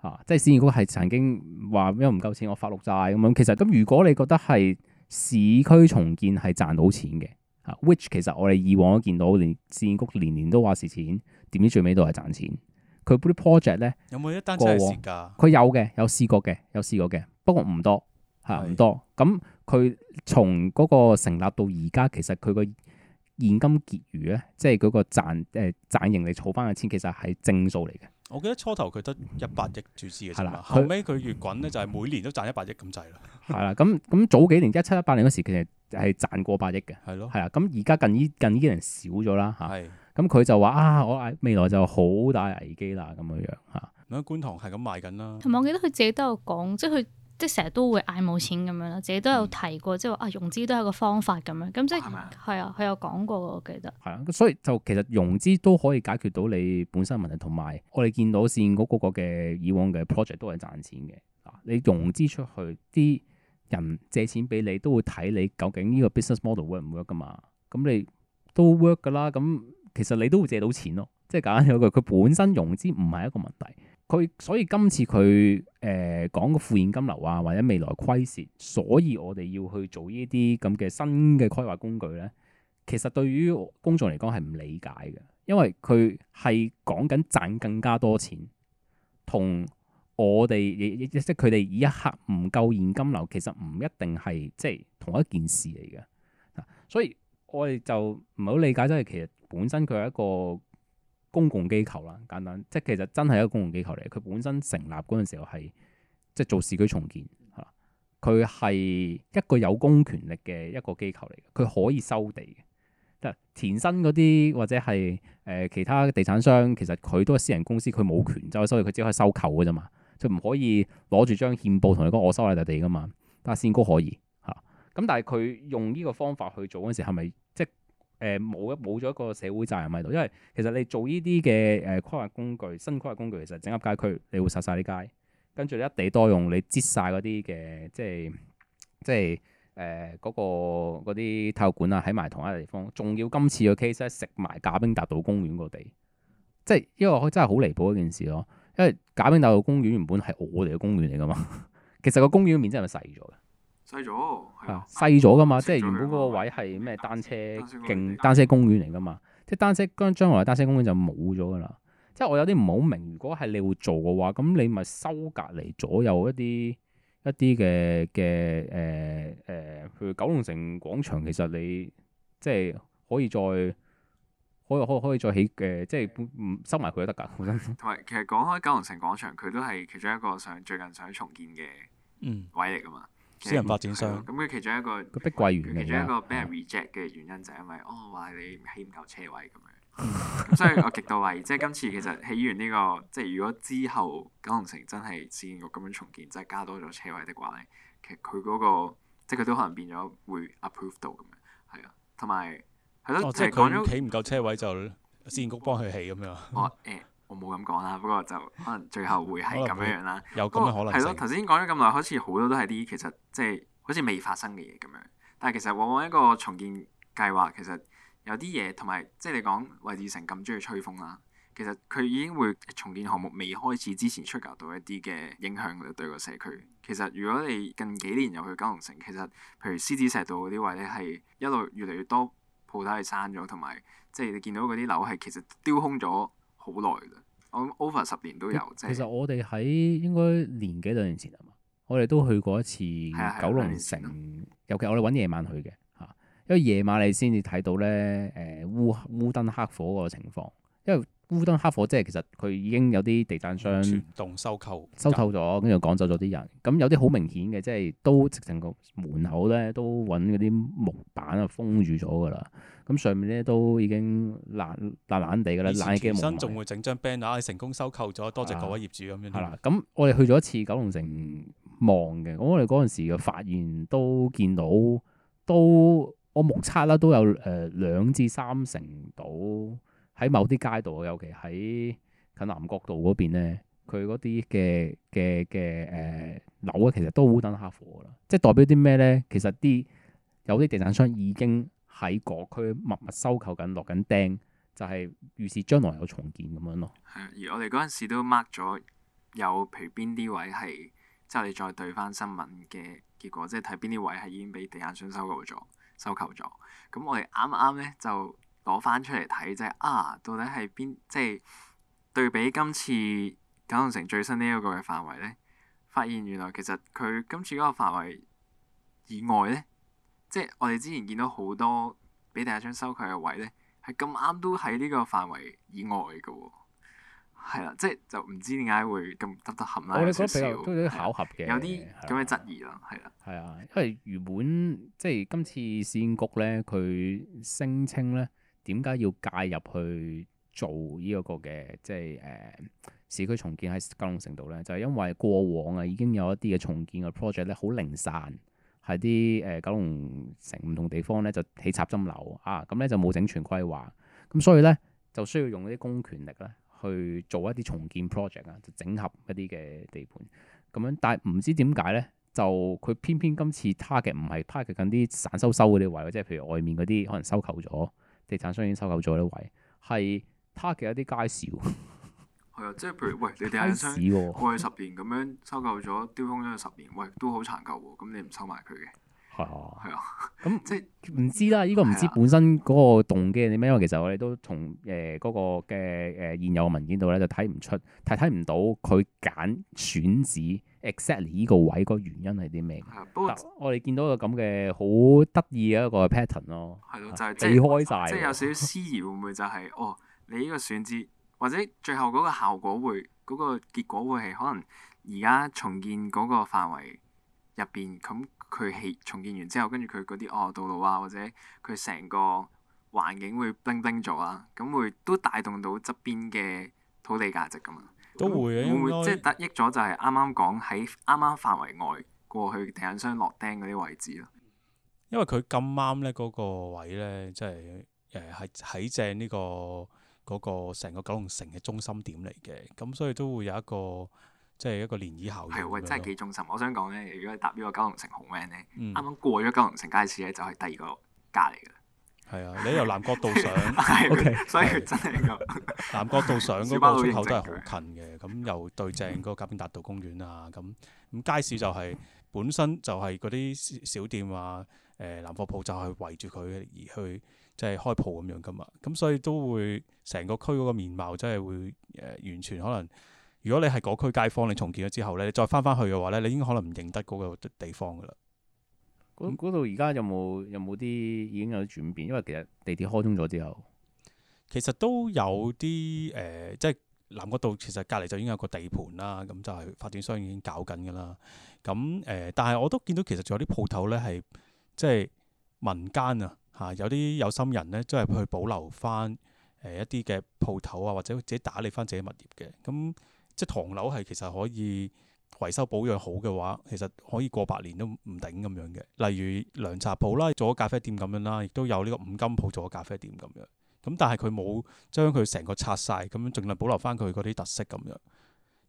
吓、啊，即係市建局係曾經話咩唔夠錢，我發綠債咁樣。其實咁如果你覺得係市區重建係賺到錢嘅，吓、啊、which 其實我哋以往都見到連市建局年年都話蝕錢，點知最尾都係賺錢。佢嗰啲 project 咧，有冇一單真係蝕噶？佢有嘅，有試過嘅，有試過嘅，不過唔多吓，唔多。咁佢從嗰個成立到而家，其實佢個。現金結餘咧，即係嗰個賺誒賺盈利儲翻嘅錢，其實係正數嚟嘅。我記得初頭佢得一百億注資嘅啫嘛，後尾佢越滾咧就係每年都賺一百億咁滯啦。係 啦，咁咁早幾年一七一八年嗰時其實係賺過百億嘅。係咯的，係啊，咁而家近呢近依啲人少咗啦嚇。係的，咁佢、嗯、就話啊，我未來就好大危機啦咁樣樣嚇。咁觀塘係咁賣緊啦。同埋我記得佢自己都有講，即係佢。即係成日都會嗌冇錢咁樣啦，自己都有提過，即係話啊融資都係一個方法咁樣。咁即係係、嗯、啊，佢有講過，我記得。係啊，所以就其實融資都可以解決到你本身問題，同埋我哋見到線嗰個嘅以往嘅 project 都係賺錢嘅。嗱，你融資出去，啲人借錢俾你都會睇你究竟呢個 business model work 唔 work 噶嘛？咁你都 work 噶啦，咁其實你都會借到錢咯。即係簡單講一句，佢本身融資唔係一個問題。佢所以今次佢誒、呃、講個負現金流啊，或者未來虧蝕，所以我哋要去做呢啲咁嘅新嘅規劃工具咧，其實對於公眾嚟講係唔理解嘅，因為佢係講緊賺更加多錢，同我哋亦亦即係佢哋一刻唔夠現金流，其實唔一定係即係同一件事嚟嘅、啊、所以我哋就唔好理解，即係其實本身佢係一個。公共機構啦，簡單，即係其實真係一個公共機構嚟。佢本身成立嗰陣時候係即係做市區重建嚇，佢、嗯、係一個有公權力嘅一個機構嚟。佢可以收地嘅，即係田生嗰啲或者係誒、呃、其他地產商，其實佢都係私人公司，佢冇權，就所以佢只可以收購嘅啫嘛，就唔可以攞住張憲報同你講我收你地㗎嘛。但係善哥可以嚇，咁、嗯嗯、但係佢用呢個方法去做嗰陣時係咪即誒冇一冇咗一個社會責任喺度，因為其實你做呢啲嘅誒規劃工具、新規劃工具，其實整合街區，你會殺晒啲街，跟住你一地多用，你擠晒嗰啲嘅，即係即係誒嗰個嗰啲體育館啊，喺埋同一個地方。仲要今次個 case 咧，食埋賈炳達道公園個地，即係因為真係好離譜一件事咯，因為賈炳達道公園原本係我哋嘅公園嚟噶嘛，其實個公園面積係咪細咗嘅？細咗，係細咗噶嘛，即係原本嗰個位係咩單車徑、單車公園嚟噶嘛，即係單車將將來單車公園就冇咗噶啦。即係我有啲唔好明，如果係你會做嘅話，咁你咪收隔籬左右一啲一啲嘅嘅誒誒，譬如九龍城廣場其實你即係可以再可以可可以再起嘅，即係唔收埋佢都得噶。同埋其實講開九龍城廣場，佢都係其中一個想最近想重建嘅位嚟噶嘛。私人發展商，咁佢其中一個碧桂園，其中一個俾人 reject 嘅原因就係因為，嗯、哦話你起唔夠車位咁 樣，所以我極度懷疑，即係今次其實起完呢、這個，即係如果之後九龍城真係市建局咁樣重建，即係加多咗車位的話咧，其實佢嗰、那個即係佢都可能變咗會 approve 到咁樣，係啊，同埋係咯，即係講咗起唔夠車位就市建局幫佢起咁樣。我冇咁講啦，不過就可能最後會係咁樣樣啦。有咁嘅可能性。係咯，頭先講咗咁耐，好似好多都係啲其實即係好似未發生嘅嘢咁樣。但係其實往往一個重建計劃其實有啲嘢同埋即係你講韋志成咁中意吹風啦，其實佢已經會重建項目未開始之前出格到一啲嘅影響，就對個社區。其實如果你近幾年又去九龍城，其實譬如獅子石道嗰啲位咧，係一路越嚟越多鋪頭係閂咗，同埋即係你見到嗰啲樓係其實丟空咗。好耐㗎，我諗 over 十年都有啫。其實我哋喺應該年幾兩年前啊嘛，我哋都去過一次九龍城，尤其我哋揾夜晚去嘅嚇，因為夜晚你先至睇到咧誒、呃、烏烏燈黑火個情況，因為。烏燈黑火，即係其實佢已經有啲地產商全動收購收購咗，跟住趕走咗啲人。咁有啲好明顯嘅，即係都直情個門口咧都揾嗰啲木板啊封住咗㗎啦。咁上面咧都已經爛爛爛地㗎啦。以前前身仲會整張 banner 成功收購咗，多謝各位業主咁、啊、樣。係啦、啊，咁我哋去咗一次九龍城望嘅，咁我哋嗰陣時嘅發現都見到，都我目測啦都有誒兩、呃、至三成到。喺某啲街道，尤其喺近南角道嗰邊咧，佢嗰啲嘅嘅嘅誒樓啊，其實都烏燈黑火㗎啦。即係代表啲咩咧？其實啲有啲地產商已經喺嗰區默默收購緊落緊釘，就係預示將來有重建咁樣咯。係，而我哋嗰陣時都 mark 咗有，譬如邊啲位係即係你再對翻新聞嘅結果，即係睇邊啲位係已經俾地產商收購咗、收購咗。咁我哋啱啱咧就。攞翻出嚟睇即係啊，到底係邊，即係對比今次九龍城最新呢一個嘅範圍咧，發現原來其實佢今次嗰個範圍以外咧、哦，即係我哋之前見到好多俾第一張收佢嘅位咧，係咁啱都喺呢個範圍以外嘅喎。係啦，即係就唔知點解會咁得得合啦。有啲巧合嘅，有啲咁嘅質疑啦，係啊，係啊，因為原本即係今次市建局咧，佢聲稱咧。點解要介入去做呢一個嘅，即係誒、呃、市區重建喺九龍城度咧？就係、是、因為過往啊已經有一啲嘅重建嘅 project 咧，好零散，喺啲誒九龍城唔同地方咧就起插針樓啊，咁咧就冇整全規劃，咁所以咧就需要用啲公權力咧去做一啲重建 project 啊，就整合一啲嘅地盤咁樣。但係唔知點解咧，就佢偏偏今次 target 唔係 target 緊啲散收收嗰啲位，即係譬如外面嗰啲可能收購咗。地產商已經收購咗呢位，係他嘅一啲介紹。係 啊、 嗯，即係譬如，喂，你地產商過去十年咁樣收購咗，丟空咗十年，喂，都好殘舊喎，咁、嗯、你唔收埋佢嘅？係啊，係啊，咁即係唔知啦。呢個唔知本身嗰個動機係啲咩，因為其實我哋都從誒嗰個嘅誒、呃、現有文件度咧就睇唔出，睇睇唔到佢揀選址 exactly 呢個位個原因係啲咩。不過、啊、我哋見到個咁嘅好得意嘅一個 pattern 咯、啊，係咯、啊，就係、是、避開晒，即係是了即係有少少思疑，會唔會就係、是、哦？你呢個選址或者最後嗰個效果會嗰、嗰個結果會係可能而家重建嗰個範圍入邊咁。佢起重建完之後，跟住佢嗰啲哦道路啊，或者佢成個環境會冰冰 i n g 咗啦，咁會都帶動到側邊嘅土地價值噶嘛，都會嘅，唔會，會即係得益咗？就係啱啱講喺啱啱範圍外過去停硬傷落釘嗰啲位置咯，因為佢咁啱咧嗰個位咧，即係誒係喺正呢、這個嗰、那個成個九龍城嘅中心點嚟嘅，咁所以都會有一個。即係一個漣漪效應，係真係幾中心。我想講咧，如果係搭呢個九龍城紅 van 咧，啱啱、嗯、過咗九龍城街市咧，就係、是、第二個街嚟嘅。係啊，你由南角道上所以真係 南角道上嗰個出口都係好近嘅。咁又、嗯嗯、對正嗰個賈炳達道公園啊，咁咁街市就係、是嗯、本身就係嗰啲小店啊，誒、呃、南貨鋪就係圍住佢而去即係、就是、開鋪咁樣噶嘛。咁所以都會成個區嗰個面貌真係會誒完全可能。如果你係嗰區街坊，你重建咗之後咧，你再翻翻去嘅話咧，你應該可能唔認得嗰個地方噶啦。嗰度而家有冇有冇啲已經有啲轉變？因為其實地鐵開通咗之後，其實都有啲誒，即係南角道其實隔離就已經有個地盤啦。咁就係發展商已經搞緊噶啦。咁、嗯、誒、呃，但係我都見到其實仲有啲鋪頭咧，係即係民間啊嚇，有啲有心人咧，即係去保留翻誒一啲嘅鋪頭啊，或者自己打理翻自己物業嘅咁。嗯即唐樓係其實可以維修保養好嘅話，其實可以過百年都唔頂咁樣嘅。例如涼茶鋪啦，做咗咖啡店咁樣啦，亦都有呢個五金鋪做咗咖啡店咁樣。咁但係佢冇將佢成個拆晒，咁樣盡量保留翻佢嗰啲特色咁樣。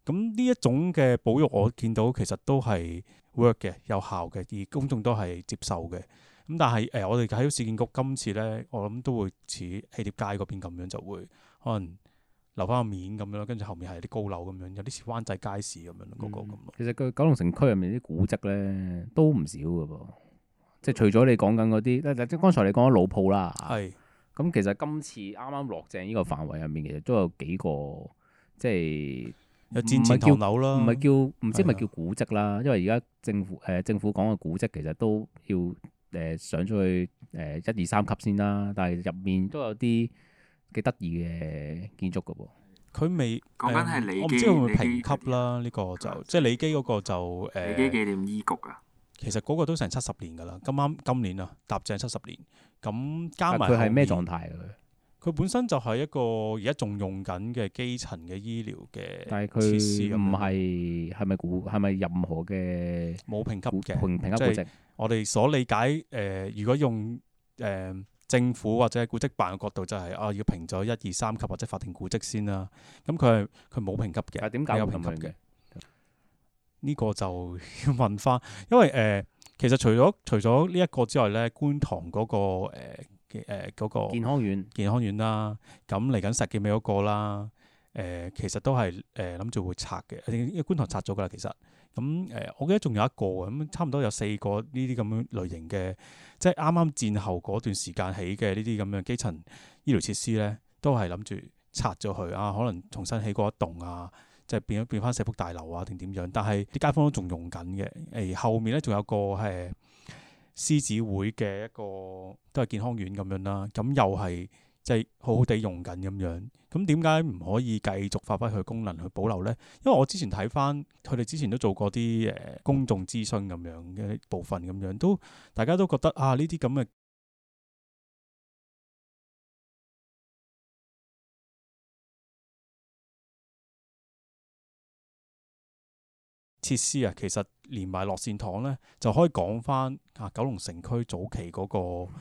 咁、嗯、呢一種嘅保育我見到其實都係 work 嘅，有效嘅，而公眾都係接受嘅。咁但係誒、呃，我哋喺市建局今次咧，我諗都會似囍帖街嗰邊咁樣，就會可能。留翻個面咁樣咯，跟住後面係啲高樓咁樣，有啲似灣仔街市咁樣，嗯，那個個咁咯。其實佢九龍城區入面啲古蹟咧都唔少嘅噃，即係、嗯、除咗你講緊嗰啲，即係剛才你講啲老鋪啦。係是。咁其實今次啱啱落正呢個範圍入面，其實都有幾個，即係有戰前唐樓啦。唔係叫唔知係咪叫古蹟啦，是啊、因為而家政府誒、呃、政府講嘅古蹟其實都要誒、呃、上出去誒一二三級先啦，但係入面都有啲。幾得意嘅建築噶、啊、噃？佢未講緊係李基，我唔知會唔會評級啦。呢個就、嗯、即係李基嗰個就誒。呃、李基紀念醫局啊，其實嗰個都成七十年噶啦，今啱今年啊，踏正七十年。咁加埋佢係咩狀態？佢本身就係一個而家仲用緊嘅基層嘅醫療嘅，設施、嗯，唔係係咪古係咪任何嘅冇評級嘅評級古我哋所理解誒、呃，如果用誒。呃呃呃呃政府或者係古蹟辦嘅角度就係啊，要評咗一二三級或者法定古蹟先啦。咁佢係佢冇評級嘅，有評級嘅呢個就要問翻。因為誒、呃，其實除咗除咗呢一個之外咧，觀塘嗰、那個誒誒、呃那個健康院健康院啦，咁嚟緊實見尾嗰個啦，誒、呃、其實都係誒諗住會拆嘅。誒，因為觀塘拆咗噶啦，其實。咁誒、嗯，我記得仲有一個咁差唔多有四個呢啲咁樣類型嘅，即係啱啱戰後嗰段時間起嘅呢啲咁樣基層醫療設施咧，都係諗住拆咗佢啊，可能重新起過一棟啊，即係、變咗變翻四福大樓啊，定點樣？但係啲街坊都仲用緊嘅，誒、欸、後面咧仲有個誒獅子會嘅一個都係健康院咁樣啦，咁又係即係好好地用緊咁樣。咁點解唔可以繼續發揮佢功能去保留呢？因為我之前睇翻佢哋之前都做過啲誒公眾諮詢咁樣嘅部分咁樣，都大家都覺得啊，呢啲咁嘅設施啊，其實連埋樂善堂呢，就可以講翻啊，九龍城區早期嗰個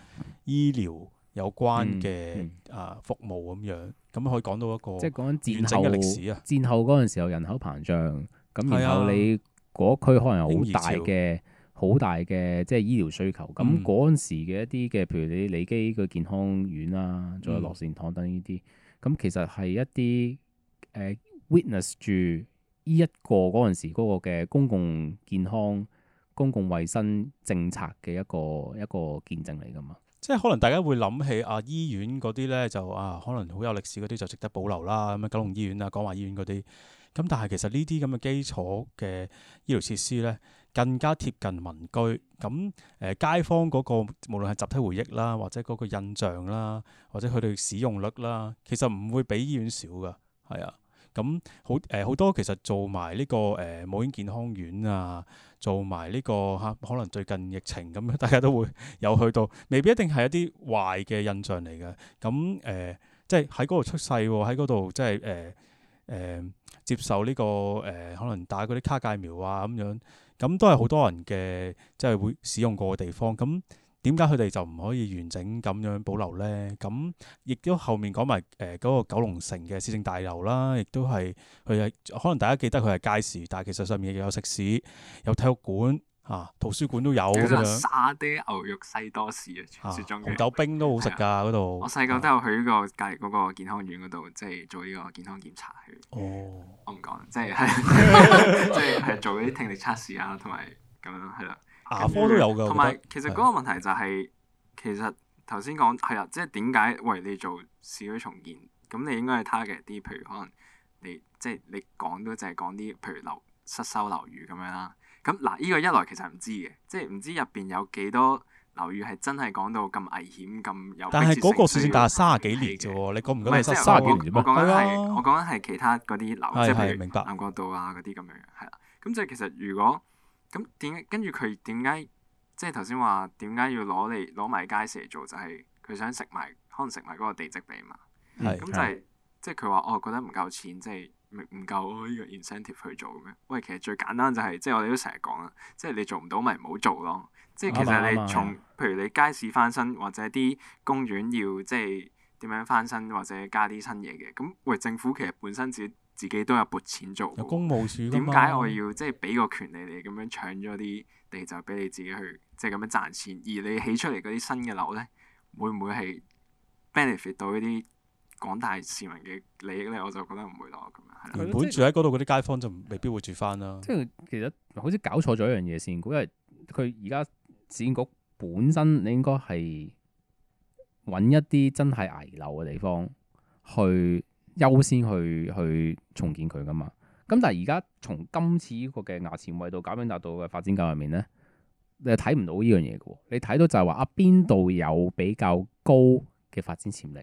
醫療。有關嘅啊服務咁、嗯嗯、樣，咁可以講到一個即係講緊戰後嘅歷史啊。戰後嗰時候人口膨脹，咁的然後你嗰區可能有好大嘅好大嘅即係醫療需求。咁嗰陣時嘅一啲嘅，譬如你李基嘅健康院啦，仲有樂善堂等呢啲，咁、嗯、其實係一啲誒 witness 住呢一個嗰陣時嗰個嘅公共健康、公共衛生政策嘅一個一個見證嚟㗎嘛。即係可能大家會諗起啊，醫院嗰啲咧就啊，可能好有歷史嗰啲就值得保留啦。咁啊，九龍醫院啊，廣華醫院嗰啲。咁但係其實呢啲咁嘅基礎嘅醫療設施咧，更加貼近民居。咁誒、呃，街坊嗰、嗰個無論係集體回憶啦，或者嗰個印象啦，或者佢哋使用率啦，其實唔會比醫院少噶。係啊。咁好誒好多其實做埋呢、這個誒、呃、母嬰健康院啊，做埋呢、這個嚇、啊，可能最近疫情咁、嗯，大家都會有去到，未必一定係一啲壞嘅印象嚟嘅。咁、嗯、誒，即係喺嗰度出世喎、啊，喺嗰度即係誒誒接受呢、這個誒、呃，可能打嗰啲卡介苗啊咁樣，咁、嗯、都係好多人嘅即係會使用過嘅地方咁。嗯。點解佢哋就唔可以完整咁樣保留咧？咁亦都後面講埋誒嗰個九龍城嘅市政大樓啦，亦都係佢係可能大家記得佢係街市，但係其實上面亦有食肆、有體育館啊、圖書館都有、啊、沙爹牛肉西多士啊，傳說中嘅紅豆冰都好食噶嗰度。啊、裡我細個都有去呢個隔籬嗰個健康院嗰度，即係做呢個健康檢查去。哦，我唔講，即係即係做啲聽力測試啊，同埋咁樣係啦。打科都有㗎，同埋有其實嗰個問題就係、是，的其實頭先講係啊，即係點解喂，你做市區重建，咁你應該係 target 啲，譬如可能你即係你講都淨係講啲，譬如樓失修樓宇咁樣啦。咁嗱，呢、這個一來其實唔知嘅，即係唔知入邊有幾多樓宇係真係講到咁危險咁有。但係嗰個算件，但係卅幾年啫喎，你講唔到？係卅幾年？我講緊係，啊、我講緊係其他嗰啲樓，即係譬如南國道啊嗰啲咁樣，係啦。咁即係其實如果。咁點？跟住佢點解？即係頭先話點解要攞嚟攞埋街市嚟做？就係、是、佢想食埋，可能食埋嗰個地積比嘛。咁、嗯、就係、是嗯、即係佢話哦，覺得唔夠錢，即係唔唔夠呢個 incentive 去做嘅咩？喂，其實最簡單就係即係我哋都成日講啦，即係你做唔到咪唔好做咯。即係其實你從、嗯嗯嗯嗯、譬如你街市翻新或者啲公園要即係點樣翻新或者加啲新嘢嘅，咁喂政府其實本身自己。自己都有撥錢做，點解我要即係俾個權利你哋咁樣搶咗啲地，就俾你自己去即係咁樣賺錢？而你起出嚟嗰啲新嘅樓咧，會唔會係 benefit 到呢啲廣大市民嘅利益咧？我就覺得唔會咯，咁樣係啦。原本住喺嗰度嗰啲街坊就未必會住翻啦。即係其實好似搞錯咗一樣嘢先，因為佢而家展局本身你應該係揾一啲真係危樓嘅地方去。優先去去重建佢噶嘛？咁但係而家從今次依個嘅衙前圍道賈炳達道嘅發展計劃入面咧，你睇唔到呢樣嘢嘅喎？你睇到就係話啊，邊度有比較高嘅發展潛力，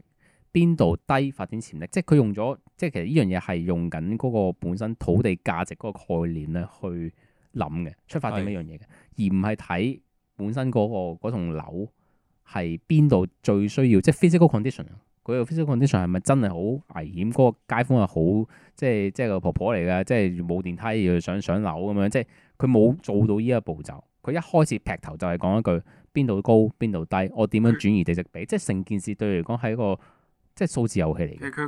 邊度低發展潛力？即係佢用咗，即係其實呢樣嘢係用緊嗰個本身土地價值嗰個概念咧去諗嘅，出發點依樣嘢嘅，而唔係睇本身嗰、嗰個嗰棟樓係邊度最需要，即係 physical condition。佢個 physical condition 係咪真係好危險？嗰個街坊係好即係即係個婆婆嚟㗎，即係冇電梯要上上樓咁樣，即係佢冇做到呢一步驟。佢一開始劈頭就係講一句邊度高邊度低，我點樣轉移地積比，他即係成件事對佢嚟講係一個即係數字遊戲嚟嘅。佢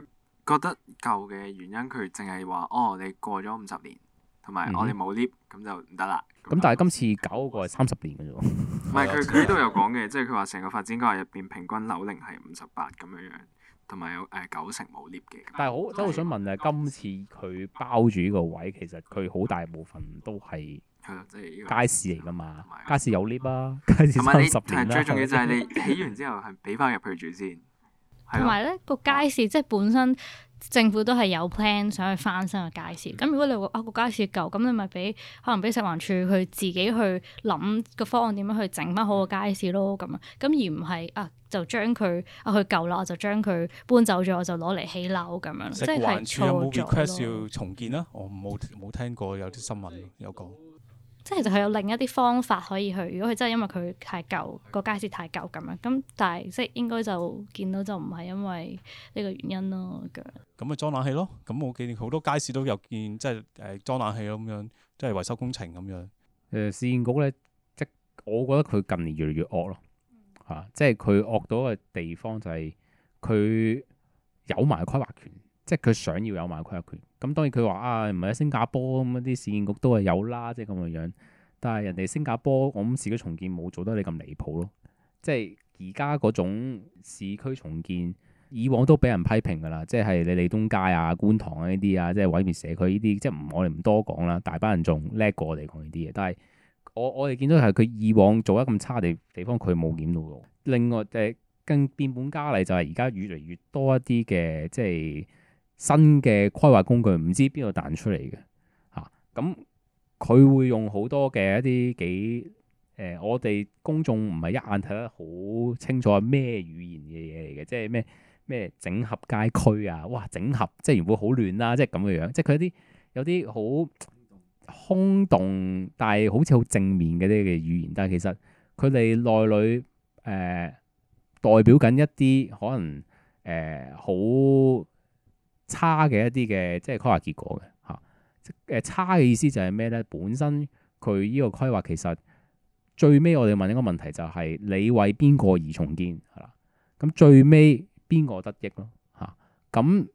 覺得舊嘅原因，佢淨係話哦，你過咗五十年。同埋我哋冇 lift，咁就唔得啦。咁、就是、但係今次搞嗰個係三十年嘅啫喎。唔係，佢佢都有講嘅，即係佢話成個發展計劃入邊平均樓齡係五十八咁樣樣，同埋有誒九成冇 lift 嘅。呃、但係好，真、就是、我想問就係今次佢包住呢個位，嗯、其實佢好大部分都係係即係街市嚟㗎嘛。街市有 lift 啊，街市三十年啦。最重要就係你起完之後係俾翻入去住先。同埋咧個街市即係本身。政府都係有 plan 想去翻新個街市，咁、嗯、如果你話啊個街市舊，咁你咪俾可能俾食環署去自己去諗個方案點樣去整返好個街市咯，咁啊，咁而唔係啊就將佢啊佢舊啦，就將佢搬走咗，就攞嚟起樓咁樣，即係食環署冇 request 要重建啦，我冇冇聽過有啲新聞有講。即係就係有另一啲方法可以去，如果佢真係因為佢太舊、個街市太舊咁樣，咁但係即係應該就見到就唔係因為呢個原因咯。咁咪裝冷氣咯？咁我見好多街市都有見即係誒、呃、裝冷氣咁樣，即係維修工程咁樣。誒、呃，市建局咧，即我覺得佢近年越嚟越惡咯嚇、嗯啊，即係佢惡到嘅地方就係佢有埋規劃權，即係佢想要有埋規劃權。咁、嗯、當然佢話啊，唔係喺新加坡咁啲市建局都係有啦，即係咁嘅樣。但係人哋新加坡，我諗市區重建冇做得你咁離譜咯。即係而家嗰種市區重建，以往都俾人批評㗎啦。即係你利，利東街啊、觀塘啊呢啲啊，即係毀滅社區呢啲，即係我哋唔多講啦。大班人仲叻過我哋講呢啲嘢。但係我我哋見到係佢以往做得咁差地地方，佢冇檢到喎。另外誒，更變本加厲就係而家越嚟越多一啲嘅即係。新嘅規劃工具唔知邊度彈出嚟嘅嚇，咁、啊、佢、嗯、會用好多嘅一啲幾誒、呃，我哋公眾唔係一眼睇得好清楚咩語言嘅嘢嚟嘅，即係咩咩整合街區啊，哇！整合即係原本好亂啦、啊，即係咁嘅樣、樣，即係佢一啲有啲好空洞，但係好似好正面嘅啲嘅語言，但係其實佢哋內裏誒、呃、代表緊一啲可能誒好。呃差嘅一啲嘅即係規劃結果嘅嚇，誒、啊、差嘅意思就係咩咧？本身佢呢個規劃其實最尾我哋問一個問題就係你為邊個而重建係啦？咁最尾邊個得益咯嚇？咁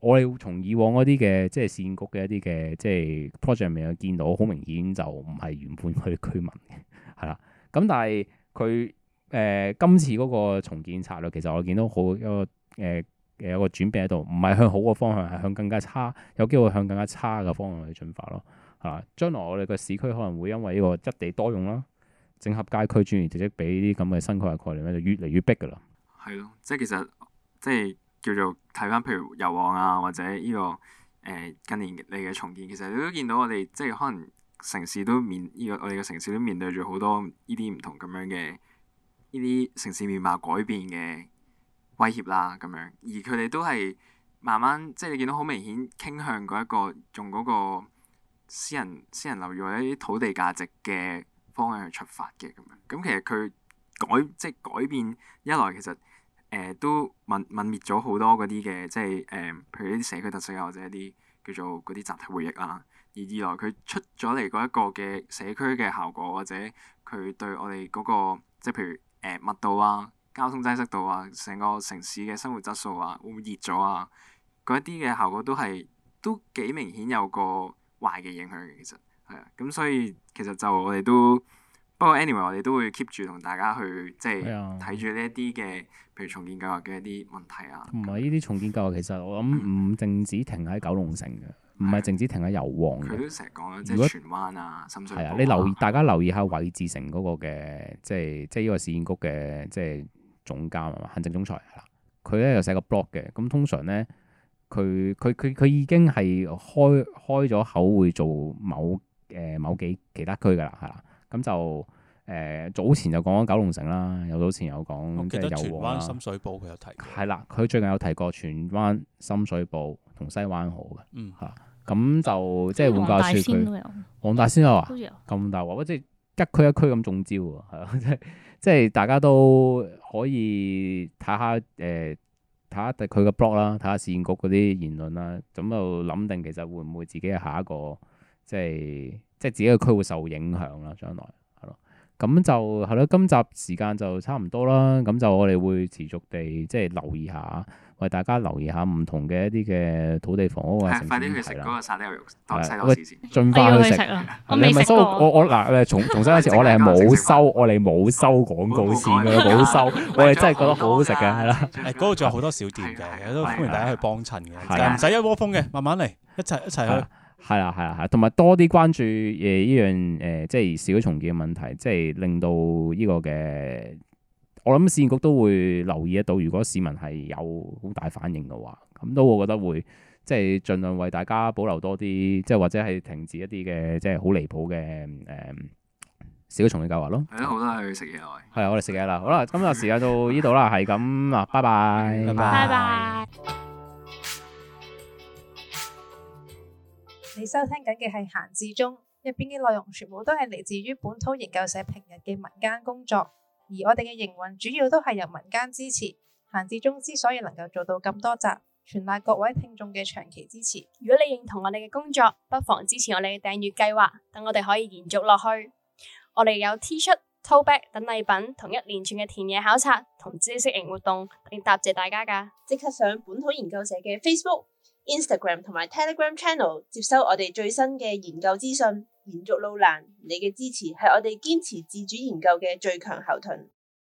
我哋從以往嗰啲嘅即係市建局嘅一啲嘅即係 project 入面見到好明顯就唔係原本區居民嘅係啦。咁但係佢誒今次嗰個重建策略其實我見到好一個誒。呃有個轉變喺度，唔係向好嘅方向，係向更加差，有機會向更加差嘅方向去進化咯，係嘛？將來我哋個市區可能會因為呢個一地多用啦，整合街區，轉而直接俾呢啲咁嘅新概念概念咧，就越嚟越逼噶啦。係咯，即係其實即係叫做睇翻，譬如油旺啊，或者呢、這個誒、呃、近年嚟嘅重建，其實你都見到我哋即係可能城市都面呢、這個我哋嘅城市都面對住好多呢啲唔同咁樣嘅呢啲城市面貌改變嘅。威脅啦，咁樣，而佢哋都係慢慢即係你見到好明顯傾向嗰、那、一個用嗰個私人私人樓宇或者土地價值嘅方向去出發嘅咁樣。咁其實佢改即係改變一來其實誒、呃、都泯泯滅咗好多嗰啲嘅即係誒、呃，譬如呢啲社區特色啊，或者一啲叫做嗰啲集體回憶啊。而二來佢出咗嚟嗰一個嘅社區嘅效果，或者佢對我哋嗰、那個即係譬如誒、呃、密度啊。交通擠塞到啊，成個城市嘅生活質素啊，會唔會熱咗啊？嗰一啲嘅效果都係都幾明顯有個壞嘅影響嘅，其實係啊，咁所以其實就我哋都不過 anyway，我哋都會 keep 住同大家去即係睇住呢一啲嘅譬如重建計劃嘅一啲問題啊。唔係呢啲重建計劃，其實我諗唔淨止停喺九龍城嘅，唔係淨止停喺油旺。佢都成日講啦，即係荃灣啊、深水埗，啊。啊，你留意大家留意下位置城嗰個嘅，即係即係呢個試驗局嘅，即係。即總監啊，行政總裁啦，佢咧又寫個 blog 嘅，咁、嗯、通常咧，佢佢佢佢已經係開開咗口會做某誒、呃、某幾其他區噶啦，係啦，咁就誒、呃、早前就講緊九龍城啦，有早前有講即係油塘啦，記荃灣深水埗佢有提過，係啦、嗯，佢最近有提過荃灣深水埗同西灣河嘅、嗯，嗯咁就即係換句話説佢，黃大仙都有，咁大鑊，即係、就是、一區一區咁中招喎，係啊，即係。即係大家都可以睇下誒，睇下佢個 blog 啦，睇下市建局嗰啲言論啦，咁就諗定其實會唔會自己嘅下一個，即係自己個區會受影響啦，將來係咯。咁就係咯，今集時間就差唔多啦，咁就我哋會持續地即係留意下。為大家留意下唔同嘅一啲嘅土地房屋啊，係快啲去食嗰個沙爹肉，當細佬食先，盡快去食。我未食過。我我嗱重重新開始，我哋係冇收，我哋冇收廣告錢嘅，冇收。我哋真係覺得好好食嘅，係啦。誒，嗰度仲有好多小店嘅，都歡迎大家去幫襯嘅，唔使一窩蜂嘅，慢慢嚟，一齊一齊去。係啦係啦係，同埋多啲關注誒呢樣誒，即係舊區重建嘅問題，即係令到呢個嘅。我諗市建局都會留意得到，如果市民係有好大反應嘅話，咁都我覺得會即係盡量為大家保留多啲，即係或者係停止一啲嘅即係好離譜嘅誒社區重建計劃咯。係啊， 好啦，去食嘢係咪？係啊，我哋食嘢啦。好啦，今日時間到呢度啦，係咁啊，拜拜，拜拜。你收聽緊嘅係閒置中，入邊嘅內容全部都係嚟自於本土研究社平日嘅民間工作。而我哋嘅營運主要都係由民間支持，閒置中之所以能夠做到咁多集，全賴各位聽眾嘅長期支持。如果你認同我哋嘅工作，不妨支持我哋嘅訂閱計劃，等我哋可以延續落去。我哋有 T 恤、Tote Bag 等禮品，同一連串嘅田野考察同知識型活動，嚟答謝大家㗎。即刻上本土研究社嘅 Facebook、Instagram 同埋 Telegram Channel 接收我哋最新嘅研究資訊。延續路難，你嘅支持係我哋堅持自主研究嘅最強後盾。